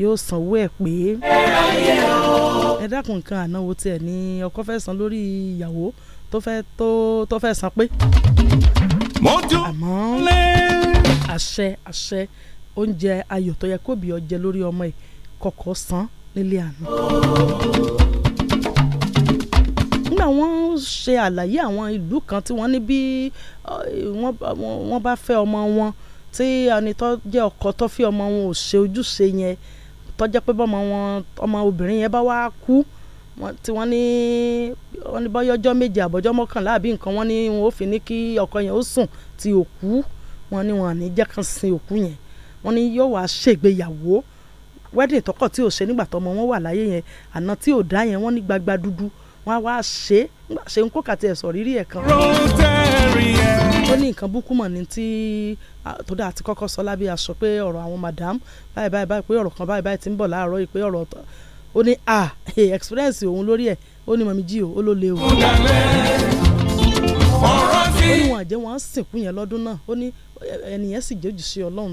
S1: yóò sanwó ẹ̀ pé. ẹ dákun nǹkan ànáwó tiẹ̀ ni ọkọ fẹ́ san lórí ìyàwó tó fẹ́ tó san pé. mọ́jú lé. àṣẹ àṣẹ oúnjẹ ayọ̀ tó yẹ kó bí ọjẹ lórí ọmọ ẹ̀ kọ́kọ́ san nílé àná àwọn ṣe àlàyé àwọn ìlú kan tí wọ́n ní bí wọ́n bá fẹ́ ọmọ wọn tí ẹni tó jẹ́ ọkọ tó fi ọmọ wọn ò ṣe ojúṣe yẹn tó jẹ́ pé bọ́mọ wọn ọmọ obìnrin yẹn bá wá kú tí wọ́n ní wọ́n ní bọ́yọ́ ọjọ́ méje àbọ̀jọ́ mọ́kànlá àbí nǹkan wọ́n ní wọn ò fi ní kí ọkọ yẹn ó sùn ti òkú wọn ní wọn àní jẹ́ kàn sin òkú yẹn wọn ní yóò wá ṣègbéyàwó wedding tọkọ tí ò ṣe nígbà tọmọ wọn wà láyé yẹn àná tí ò dá yẹn wọn ní gbagba dúdú wọ́n á wá ṣe ṣe ń kó kàtí ẹ̀ sọ rírí ẹ̀ kan. ó ní nǹkan búkú mọ̀ ní tí tó dáa ti kọ́kọ́ sọ lábẹ́ aṣọ pé ọ̀rọ̀ àwọn madam báyìí báyìí báyìí pé ọ̀rọ̀ kan báyìí báyìí ti ń bọ̀ láàárọ̀ yìí pé ọ̀rọ̀ ó ní à experience òun lórí ẹ̀ ó ní mọ̀mí jí o ó ló lé o. ó ní wọn àjẹ́ wọn á sìnkú yẹn lọ́dún náà ó ní ẹnìyẹn sì jẹ́ òjìṣẹ́ ọlọ́run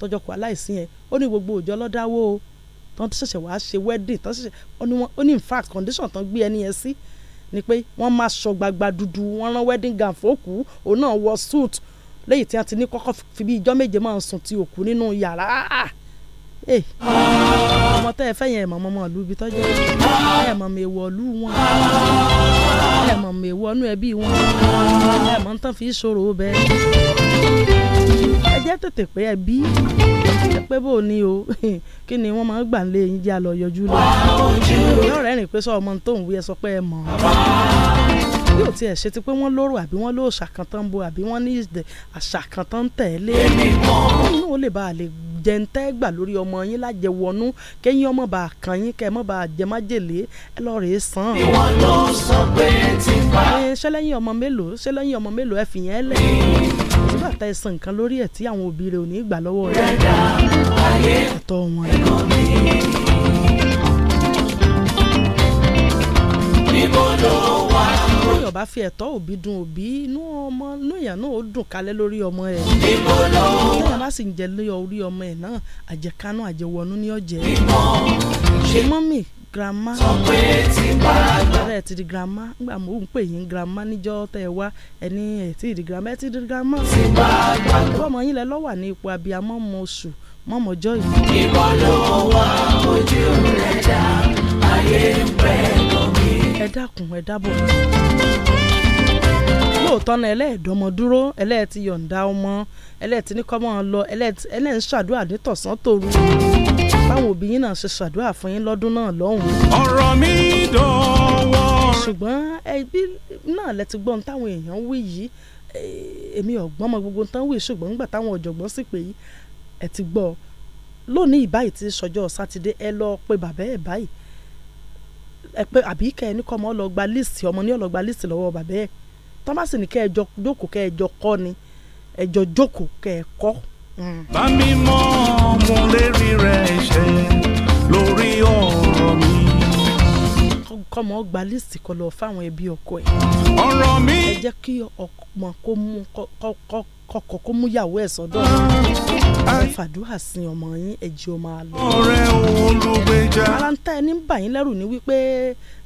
S1: tọ́jọ́ ọkọ aláìsí yẹn ó ní gbogbo òjò ọlọ́dáwó o tán ti ṣẹ̀ṣẹ̀ wàá ṣe wedding tán ṣẹ̀ṣẹ̀ ó ní in condition tán gbé ẹni yẹn sí ni pé wọ́n máa sọ gbagba dúdú wọ́n rán wedding gown fókù òun náà wọ suit lẹ́yìn tí wọ́n ti ní kọ́kọ́ fi bí ijọ́ méje máa sùn ti òkú nínú yàrá ah, ah. Eh. ọmọ tẹ́ ẹ fẹ́ yẹn mọ̀ mọ́ ìlú ibi tọ́jú ẹ mọ̀ mọ̀ èèwọ̀ ìlú wọn ẹ mọ̀ mọ̀ èèwọ̀ ẹbí wọn ẹ ń tán fi ṣòro bẹ́ẹ̀ ẹ jẹ́ tètè pé ẹbí pé bò ní o kí ni wọ́n máa ń gbà lé yín jẹ́ àlọ́ yọjú lọ. yóò rẹ́rìn pé sọ ọmọ tó ń wí ẹ pé ẹ mọ̀ yóò tiẹ̀ ṣe ti pé wọ́n lóró àbí wọ́n ló ṣàkàntán bo àbí wọ́n ní ìdẹ̀ àṣàkàntán tẹ̀lé inú ó lè bá a lè jẹ ń tẹ́ gbà lórí ọmọ yín lájẹ wọnú kẹ́yìn ọmọ bá a kàn yín kẹ́ ẹ mọ́ bá a jẹ májèlé ẹ lọ́ọ́ rèé sàn. ìwọ ló sọ pé ti bá. ṣé lẹ́yìn ọmọ mélòó ṣé lẹ́yìn ọmọ mélòó ẹ fìyẹn lẹ̀ bàtà ẹ̀sán nǹkan lórí ẹ̀ tí àwọn òbí rẹ̀ ò ní gbà lọ́wọ́ rẹ̀ ẹ̀tọ́ wọn. bí ọba fi ẹ̀tọ́ òbí dun òbí inú ọmọ inú èèyàn náà ó dùn kalẹ̀ lórí ọmọ ẹ̀ lẹ́yìn bá sì ń jẹ lórí ọmọ ẹ̀ náà àjẹkánú àjẹwọnú ní ọ̀jẹ̀ ṣe mọ́mì grandma. sọ pé tí n bá gbà. ọ̀rẹ́ ẹ̀ ti di grandma ngbà mò ń pè yín grandma níjọ́ tẹ́ wá ẹni ẹ̀ ti di grandma ẹ̀ ti di grandma. tí n bá gbà. bọ́mọ yín lẹ lọ́ wà ní ipò abiyamọ mọ oṣù mọ́mọ́ ọjọ́ yìí. ìwọ ló wá ojú rẹ̀ dá ayé ń pẹ́ lómi. ẹ dákun ẹ dábọ̀ lóòótọ́ náà ẹlẹ́ẹ̀dọ́mọ ẹlẹ́ẹ̀tì yọ̀ǹda ọmọ ẹlẹ́ẹ̀tì ní kọ́mọ́ lọ ẹlẹ́ẹ̀tì ẹlẹ́ẹ̀ ń ṣàdúrà nítọ̀sán tòru báwo òbí yín náà ṣe ṣàdúrà fún yín lọ́dún náà lọ́hùn-ún. ọ̀rọ̀ mi dọ̀wọ́. ṣùgbọ́n ẹbí náà lẹ ti gbọ́n táwọn èèyàn wí yìí èmi ọ̀gbọ́n mọ gbogbo tán wí ṣùgbọ́n nígbà táwọn ọ̀jọ̀gbọ́n sì pé ẹ ti gbọ́ lónìí ìbáyìí ti sọjọ́ sátidé ẹ lọ pé bàbá ẹ báyìí ẹ pé àbí kẹ́ ẹ ní kọ́ ọmọ lọ gba líìsì lọ́wọ́ bàbá ẹ tọ́másì ní kẹ́ ẹ jókòó kẹ́ ẹ jọ kọ́ ni ẹ jọ jókòó kẹ́ ẹ kọ́
S2: bá mi mọ ọmọ lérí rẹ
S1: lísì kan lọ fáwọn ẹbí ọkọ ẹ̀. ọ̀rọ̀ mi. ẹ jẹ́ kí ọmọ kó mú kọ́kọ́ kó mú ìyàwó ẹ̀ sọ́dọ̀ ẹ fàdúrà sin ọmọ yín ẹ ọmọ àlọ. ọ̀rẹ́ olùgbèjà. ara ẹni ń bà yín lẹ́rù ni wípé.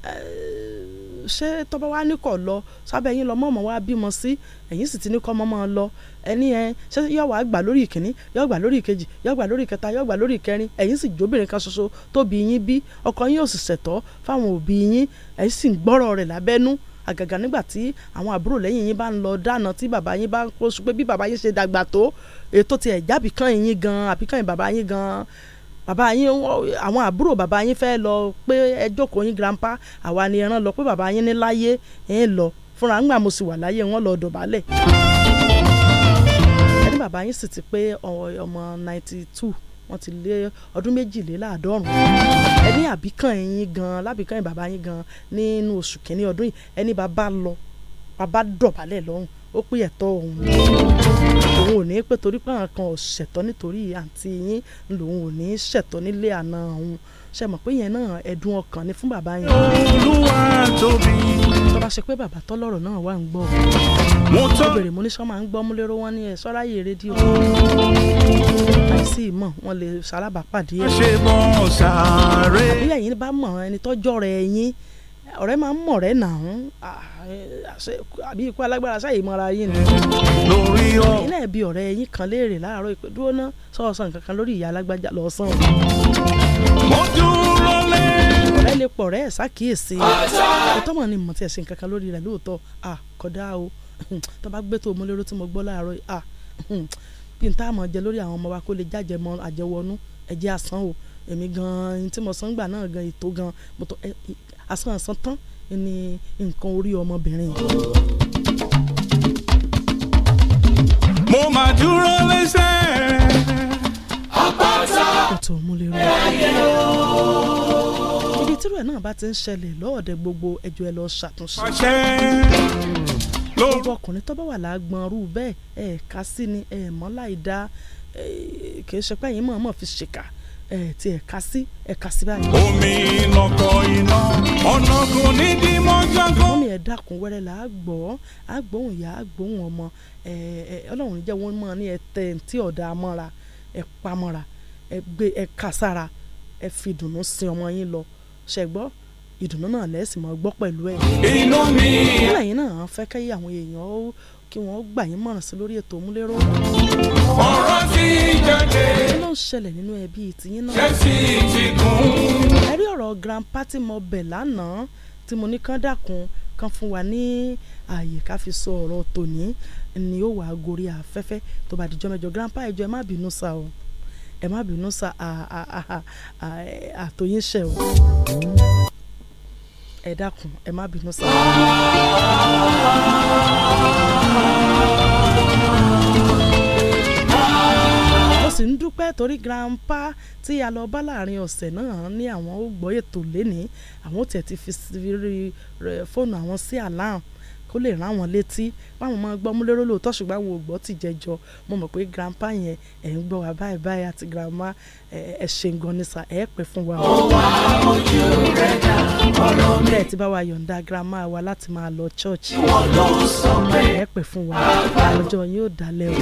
S1: Uh, ṣé tọ́ba wa ní kọ̀ lọ sábẹ́ yín lọ mọ̀mọ́ wa bímọ sí ẹ̀yìn sì ti ní kọ́ mọ́mọ́ lọ ẹni ẹ ṣé yọ wàá gbà lórí ìkíní yọ gbà lórí ìkejì yọ gbà lórí ìkẹta yọ gbà lórí ìkẹrin ẹ̀yìn sì jóbìnrin kan ṣoṣo tó bí yín bí ọkọ yín ò sì ṣẹ̀tọ́ fáwọn òbí yín ẹ̀yìn sì ń gbọ́rọ̀ rẹ̀ lábẹ́nú àgàgà nígbà tí àwọn àbúrò lẹ́yìn yín bá ń lọ dáná tí bàbá yín bá ń kó sùn bí bàbá yín ṣe dàgbà tó ètò tiẹ̀ jábìkan yín gan àbíkan yín bàbá yín gan bàbá yín àwọn àbúrò bàbá yín fẹ́ lọ pé ẹ jókòó yín grandpa àwa ni ẹran lọ pé bàbá yín ní láyé ẹ ń lọ fúnra ńgbà mo sì wà láyé wọn lọ dọ̀bálẹ̀ ẹni bàbá yín sì ti pé ọmọ ninety two wọ́n ti lé ọdún méjìléláàádọ́rùn ẹni àbíkàn yín gan lábìkàn yín bàbá yín gan nínú oṣù kínní ọdún yìí ẹni bàbá lọ bàbá dọ̀bálẹ̀ lọ́rùn ó pé ẹ̀tọ́ òun òun ò ní pé torí pé àwọn kan ò ṣẹ̀tọ́ nítorí àǹtí yín lòun ò ní ṣẹ̀tọ́ nílé àna òun ṣe mọ̀ pé yẹn náà ẹ̀dùn ọkàn ni fún bàbá yẹn. olúwa tóbi. tó ṣe pé bàbá tọ́lọ́rọ̀ náà wà ń gbọ́. mo tọ́ bèrè mo ní sọ́ ń gbọ́ múlẹ́rọ́ wọn ní ẹ̀ sọ́ra rédíò. àìsí ìmọ̀ wọn lè ṣalábàápàdé. ṣe mọ̀ sáré. àbí ẹ̀yin bá mọ̀ ẹni tọ́jọ́ rẹ̀ ẹ̀yin ọ̀rẹ́ máa ń mọ̀rẹ́ nà ń àbí ikú alágbára sáyè mọ́ra yín ni. lórí ọ. ẹ̀yin náà bí ọ̀rẹ́ yín kan léèrè láàárọ̀ ìpè dúró ná sọ̀ọ̀sán nǹkan kan lórí ìyá alágbájá lọ́sàn. mo dúró lé. ọ̀rẹ́ lè pọ̀ ọ̀rẹ́ ẹ̀ ṣàkíyèsí. ìtọ́mọ̀ ni mo ti ẹ̀sìn kankan lórí rẹ̀ lóòótọ́ à kódà o tó bá gbé tó mo lérò tí mo gbọ́ láàárọ̀ à kí n táàmọ̀ jẹ lórí àwọn ọmọ asán asán tán ni nǹkan orí ọmọbìnrin
S2: mo máa dúró lẹ́sẹ̀.
S1: àpáta ẹ̀yẹ o. ibi tírú ẹ̀ náà bá ti ń ṣẹlẹ̀ lọ́ọ̀dẹ gbogbo ẹjọ́ ẹ lọ ṣàtúnṣe. gbogbo ọkùnrin tó bá wà lágbọ̀n rú bẹ́ẹ̀ ẹ̀ ká sí ni ẹ̀ mọ́ láì dá kì í ṣe pé ẹ̀yin mọ̀ọ́mọ̀ fi ṣèkà ẹ̀ tí ẹ̀ ká sí ẹ̀ ká sí báyìí. omi lọkọ iná lẹ́kùnwẹ́rẹ́ là á gbọ́ á gbóhùn ìyá á gbóhùn ọmọ ọlọ́run jẹ́ wọ́n máa ní ẹtẹ tí ọ̀dà mọ́ra ẹ pamọ́ra ẹ gbé ẹ kà sára ẹ fi ìdùnnú sin ọmọ yín lọ ṣẹgbọ́ ìdùnnú náà lẹ́sìn mọ́ gbọ́ pẹ̀lú ẹ̀. inú mi. nílẹ̀ yìí náà fẹ́ kí àwọn èèyàn ó kí wọ́n gbà yín mọ̀ràn sí lórí ètò òmúlérò. ọ̀rọ̀ ti jáde. kí ló ń ṣẹlẹ̀ nínú ẹbí tiyín náà. jẹ́sí ti kún. ẹ rí ọ̀rọ̀ grandpa tí mo lánàá tí mo ní kán dákun kán fún wa ní ààyè ká fi sọ ọ̀rọ̀ tòní ni ó wàá gorí afẹ́fẹ́ tó bá dijọ́ mẹ́jọ grandpa ẹ jọ̀ọ́ ẹ má bínú sa o ẹ má bínú sa àtòyínṣẹ́ o ẹ dákun ẹ má bínú sa. sì ń dúpẹ́ torí grandpa tí a lọ bá láàrin ọ̀sẹ̀ náà ní àwọn ó gbọ́ ètò lẹ́ni àwọn ò tẹ̀ ti fi fóònù àwọn sí alarm kó lè rán wọn létí páwọn máa gbọ́ mú lérò lóòótọ́ ṣùgbọ́n àwọn ògbọ́ ti jẹjọ mo mọ̀ pé grandpa yẹn ẹ̀ ń gbọ́ wa báyìí báyìí àti grandma ẹ̀ ṣe ń gan nísà ẹ̀ pẹ́ fún wa. ó wá ojú rẹ̀ dá ọ̀rọ̀ mi. bẹ́ẹ̀ ti bá wa yọ̀ǹda grandma wa láti máa lọ church. wọ́n ló sọ pé ẹ̀ pẹ́ fún wa àlọ́jọ́ yóò dalẹ̀ o.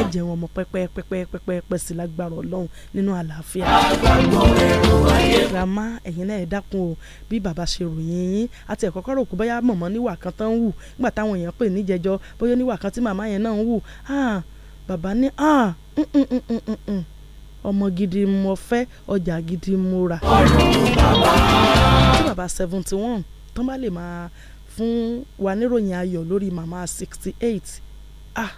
S1: ẹ jẹ́ wọn mọ pẹ́pẹ́ sí lágbára ọlọ́run nínú àlàáfíà. grandma ẹ̀yin náà ẹ̀ dákun o bí bàbá ṣe ròyìn yín àti ẹ̀kọ́kọ́ rò kó mọ̀mọ́ níwà kan tán ń níjẹjọ bóyá ní wákàtí màmá yẹn náà ń wù bàbá ní mm, mm, mm, ọmọ gidi mo fẹ́ ọjà gidi mo rà. tí bàbá seventy one tán bá lè máa fún wa níròyìn ayọ̀ lórí màmá sixty eight ah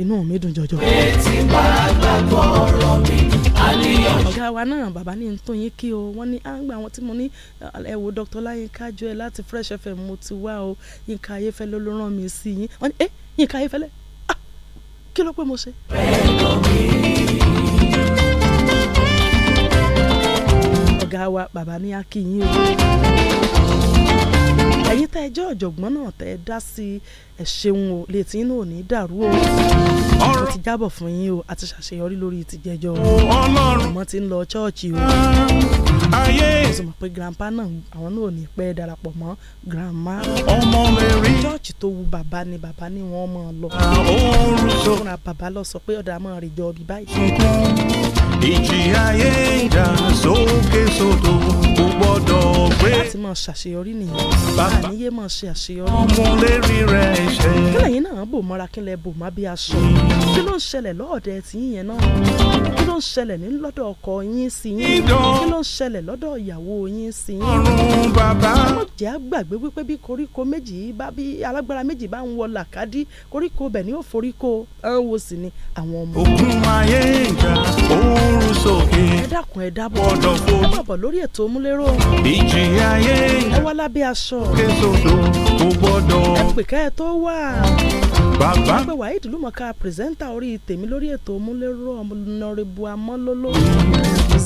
S1: inú mi dùn jọjọ. etí bá gbàgbọ́ ọ̀rọ̀ mi ọ̀gá wa náà bàbá ní tó yín kí o wọ́n ní ah, à ń gba àwọn tí mo ní ah, ẹ wo Dr. láyínká jọ ẹ láti Fresh FM mo ti wá o yínká ayéfẹ́lẹ́ ló rán mi sí yín wọ́n ní ẹ eh, yínká ayéfẹ́lẹ́ ah, kí ló pé mo ṣe. ọ̀gá wa bàbá ní a kí yín o ẹ̀yin tẹ́ ẹ jẹ́ ọ̀jọ̀gbọ́n náà tẹ́ ẹ dá sí ẹ ṣeun o lè tí inú ò ní dàrú o mo ti jábọ̀ fún yín o àti ṣàṣeyọrí lórí ìtìjẹjọ́ o ọmọ ti ń lọ ṣọ́ọ̀ṣì o mo sì mọ̀ pé grandpa náà àwọn náà ò ní pẹ́ darapọ̀ mọ́ grandma ṣọ́ọ̀ṣì tó wu bàbá ni bàbá ni wọ́n mọ̀ ọ́ lọ fúnra bàbá lọ sọ pé ọ̀dà máa rèjọ́ bí báyìí
S2: ìjì ayé ìjà sókè sódò kò gbọ́dọ̀ pé. láti
S1: máa ṣàṣeyọrí nìyẹn àníyé máa ṣe àṣeyọrí. ọmọlérí rẹ ṣe. kí lẹ́yìn náà bò mọ́ra kí lẹ bò má bí aṣọ. kí ló ń ṣẹlẹ̀ lọ́ọ̀dẹ tí yín náà. kí ló ń ṣẹlẹ̀ ní lọ́dọ̀ ọkọ yín sí yín. kí ló ń ṣẹlẹ̀ lọ́dọ̀ ìyàwó yín sí yín. ọrùn bàbá. ó jẹ́ àgbàgbé wípé bí koríko méjì bá bí alágbára méjì bá ń wọ làkàdí koríko bẹ̀ ni ó ẹ̀ ń wo sí ni àwọn ọmọ. òkun ayé ìjà òun gbóhùn sókè. ẹ dákun ẹ dábọ̀ ọ̀dọ̀ fo. ẹ bàbọ̀ lórí ètò múlẹ́rọ̀. ìjì ayé. ẹ wá lábẹ́ aṣọ. késodo kò gbọ́dọ̀. ẹ pè ká ẹ tó wà. bàbá. ẹ pé wahid lumọ̀ká pírẹsẹ́ńtà orí tèmi lórí ètò múlẹ́rọ̀ ọ̀nàrẹ́bù amọ́lóló.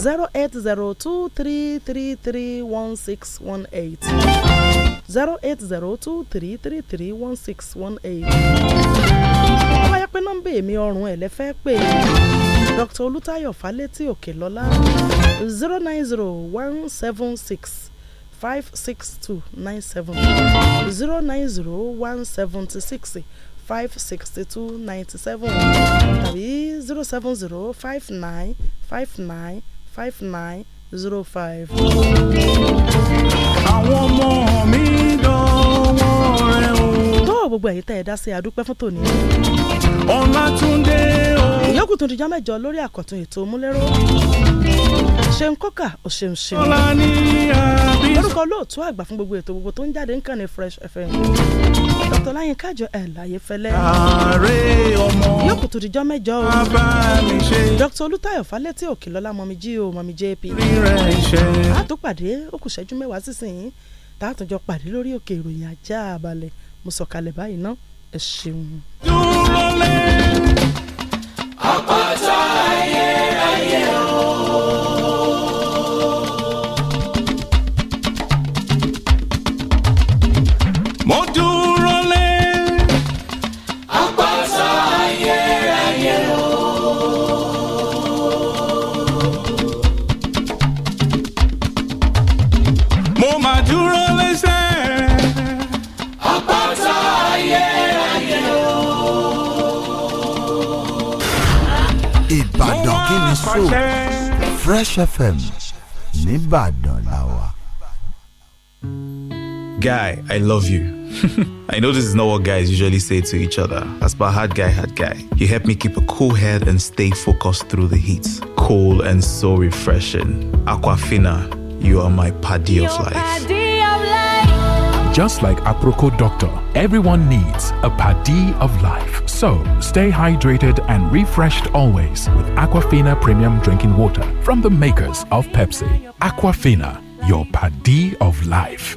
S1: zero eight zero two three three three one six one eight. 08023331618. tó bá yẹ pé nọ́mbà èmi ọrùn ẹ̀ lẹ́fẹ́ pé Dr. Olútáyọ̀ Fálétí Òkèlọ́lá 0901765 five six two nine seven zero nine zero one seventy six five sixty two ninety seven tàbí zero seven zero five nine five nine five nine zero five àwọn ọmọ mi dánwọ́ rẹ̀ o. tó gbogbo ẹ̀yin tẹ́ ẹ dá sí adúpẹ́ fún tòní. Ọlátúndé o. ìyókù tó ti já mẹ́jọ lórí àkọ́tún ètò múlẹ́rọ́ ṣeun kọ́kà ó ṣeun ṣeun. orúkọ olóòtú àgbà fún gbogbo ètò gbogbo tó ń jáde nǹkan ní fresh fm. dr láyín kájọ ẹ̀ láyé fẹ́lẹ́. yóò kùtù díjọ́ mẹ́jọ o. dr olùtayọ̀ falẹ́tì òkèlọ́lá mọ̀mí jí o mọ̀mí jp. àtúpàdé ó kù ṣẹ́jú mẹ́wàá sísìn tààtúnjọ pàdé lórí òkè ìròyìn ajá balẹ̀ mo sọ̀kalẹ̀ báyìí ná ẹ ṣeun. dúró lẹ́yìn.
S2: Fresh FM Guy, I love you. I know this is not what guys usually say to each other. As per hard guy, hard guy, you helped me keep a cool head and stay focused through the heat. Cool and so refreshing. Aquafina, you are my paddy of life. Just like Aproco Doctor, everyone needs a padi of life. So stay hydrated and refreshed always with Aquafina Premium Drinking Water from the makers of Pepsi. Aquafina, your padi of life.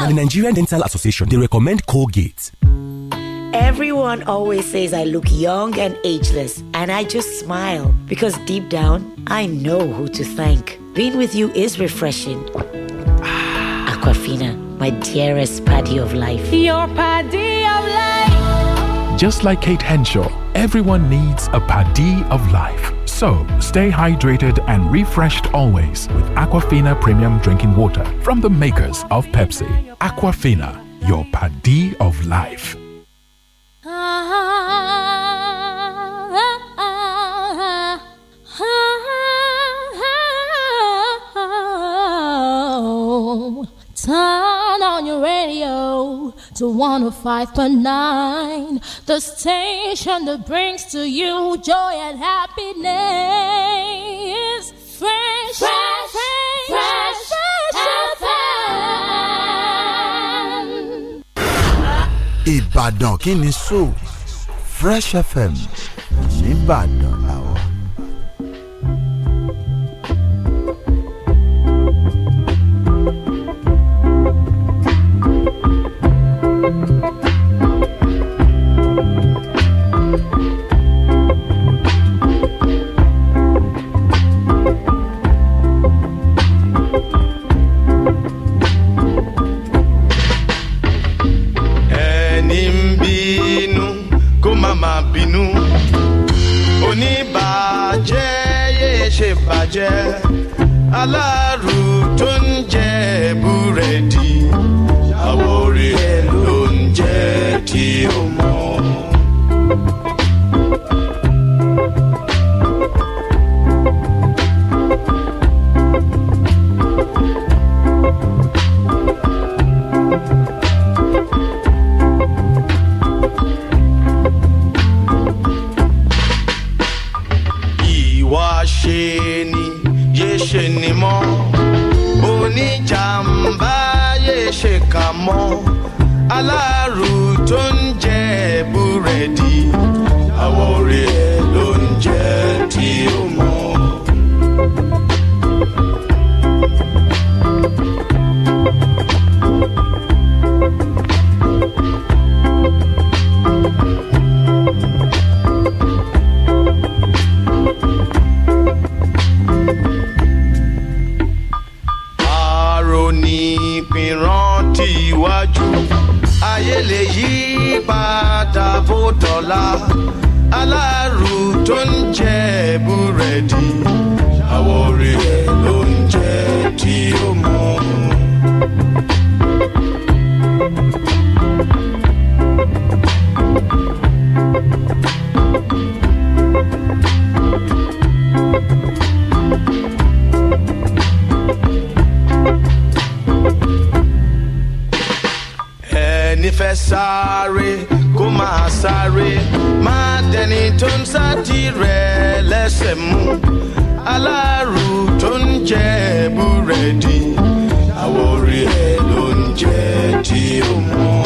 S2: Now, the Nigerian Dental Association, they recommend Colgate.
S1: Everyone always says I look
S2: young and ageless, and I just smile because deep down, I know who to thank. Being with you is refreshing. Aquafina, my dearest paddy of life.
S1: Your paddy of life.
S2: Just like Kate Henshaw, everyone needs a paddy of life so, stay hydrated and refreshed always with Aquafina Premium Drinking Water from the makers of Pepsi. Aquafina, your paddy of life.
S1: Turn on your radio to 105.9, the station that brings to you joy and happiness. Fresh, fresh, fresh, fresh, fresh,
S2: fresh Ìbàdàn kí so Fresh FM nìbàdàn làwọn. sáré kó máa sáré má dẹni tó ń sátì rẹ̀ lẹ́sẹ̀ mú aláàrù tó ń jẹ búrẹ́dì àwọ̀ orí ẹ̀ ló ń jẹ tí ó mọ́.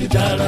S2: cidade.